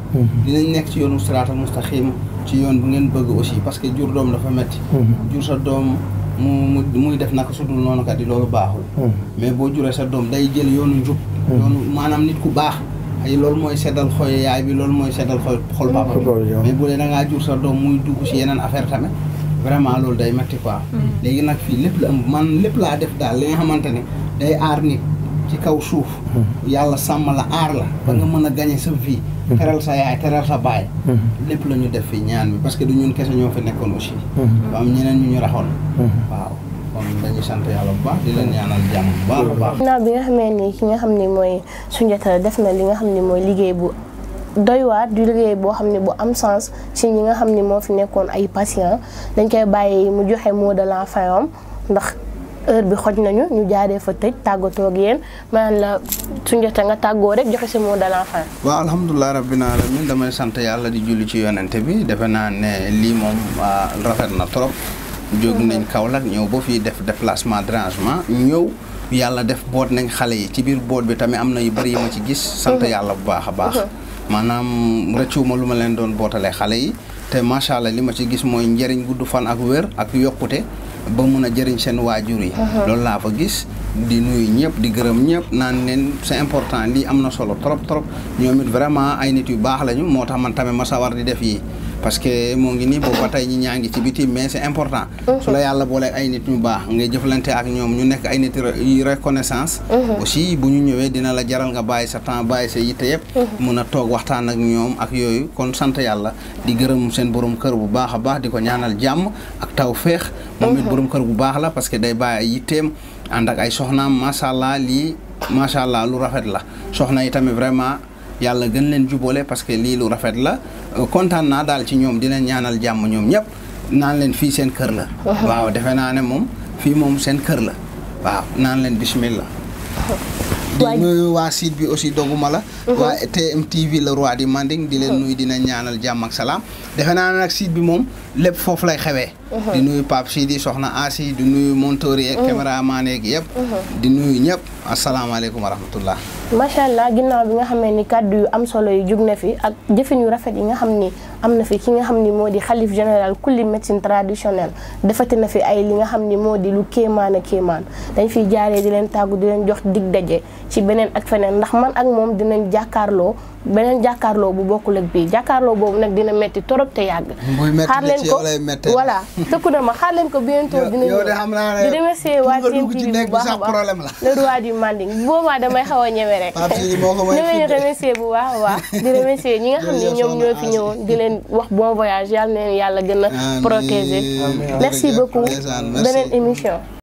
dinañ nekk ci yoonu siraatal mustaqiim ci yoon bu ngeen bëgg aussi parce que jur doom dafa metti mhm. jur sa doom mu muy def naka sudul noonu kat di loolu baaxul mhm. mais boo juree sa doom day jël yoonu njub mhm. yoonu maanaam nit ku baax ay loolu mooy seddal xooy yaay bi loolu mooy seddal xol xol papa bi mais bu dee da ngaa jur doom muy dugg si yeneen affaire tamit vraiment loolu day metti quoi léegi nag fii lépp la am man lépp laa def daal li nga xamante ne day aar nit ci kaw suuf yàlla sàmm la aar la ba nga mën a gañe sa vie Mhm. teral sa yaay teral sa baay. Mhm. lépp la ñu def fi ñaan bi parce que du ñun kese ñoo fi nekkoon aussi. ba mhm. am ñeneen ñu ñu raxoon. waaw kon dañuy sant yàlla bu baax di leen ñaanal jàmm bu baax a baax. bi nga xamee ni ki nga xam ni mooy Soundiata def na li nga xam ni mooy liggéey bu. doy waar du liggéey boo xam ne bu am sens ci ñi nga xam ni moo fi nekkoon ay patient dañ koy bàyyi mu joxe moo de la fin ndax heure bi xoj nañu ñu jaaree fa tëj tàggatoo ak yéen maanaam la suñu nga tàggoo rek joxe si mot de la fin. alhamdulilah rabbil alamin damay sant yàlla di julli ci yonente bi defe naa ne lii moom ah, rafet na trop. jóg nañ Kaolack ñëw ba fii def déplacement dérangement ñëw. yàlla def boot nañ xale yi ci biir boot bi tamit am na yu bëri yu ma ci gis. sant yàlla bu baax a baax. Mhm. maanaam rëccuwuma lu ma leen doon bootale xale yi. te macha allah li ma ci gis mooy njëriñ gudd fan ak wér ak yokkute. ba mun a jëriñ seen waajur yi. Uh-huh. loolu laa fa gis di nuyu ñëpp di gërëm ñëpp naan leen c'est important lii am na solo trop trop ñoom it vraiment ay nit yu baax lañu moo tax man tamit ma sawar di def yii. parce que moo ngi nii boobu ba tey ñi ñaa ngi ci biti mais c'est important mhm. su la yàlla boolee ay nit ñu baax ngay jëflante ak ñoom ñu nekk ay nit yu reconnaissance mhm. aussi bu ñu ñëwee dina la jaral nga bàyyi sa temps bàyyi sa yitte yëpp mhm. mun a toog waxtaan ak ñoom ak yooyu kon sant yàlla di gërëm seen borom kër bu baax a baax di ko ñaanal jàmm ak taw féex moom it borom kër bu baax la parce que day bàyyi ay yitteem ànd ak ay soxnaam macha allah lii macha allah lu rafet la yàlla gën leen jubóole parce que lii lu rafet la euh, kontaan naa daal ci ñoom dina ñaanal jàmm ñoom ñëpp naan leen fii seen kër la. waaw defe naa ne moom fii moom seen kër la waaw naan leen bismillah. di nuyu waa site bi aussi doguma la. Mhm. waa TMTV le roi di di leen oh. nuyu dina ñaanal jàmm ak salaam. defe naa ne nag bi moom lépp foofu lay xewee. Uh-huh. di nuyu Pape Sidi soxna Asi di nuyu monteur yeeg. Uh-huh. caméraman yeeg yëpp. Uh-huh. di nuyu ñëpp asalaamaaleykum wa rahmatullah. macha allah ginnaaw bi nga xam ni kàddu yu am solo yu jug na fi ak jëfin yu rafet yi nga xam ni am na fi ki nga xam ni moo di xalif général kulli médecine traditionnelle defati na fi ay li nga xam ni moo di lu kéemaan a kéemaan dañ fiy jaaree di leen tàggu di leen jox dig daje ci beneen ak feneen ndax man ak moom dinañ jàkkaarloo. beneen jàkkaarloo bu bokkul ak bii jàkkaarloo boobu nag dina metti torop te yàgg. xaar leen ko voilà tëkku na ma xaar leen ko bientôt dina ñëw di remercier waa Sen TV bu baax a baax le roi du manding bu boobaa damay xaw a ñeme rek damay remercier bu baax a baax di remercier ñi nga xam ne ñoom ñoo fi ñëwoon di leen wax bon voyage yàlla na yàlla gën a protéger merci beaucoup beneen émission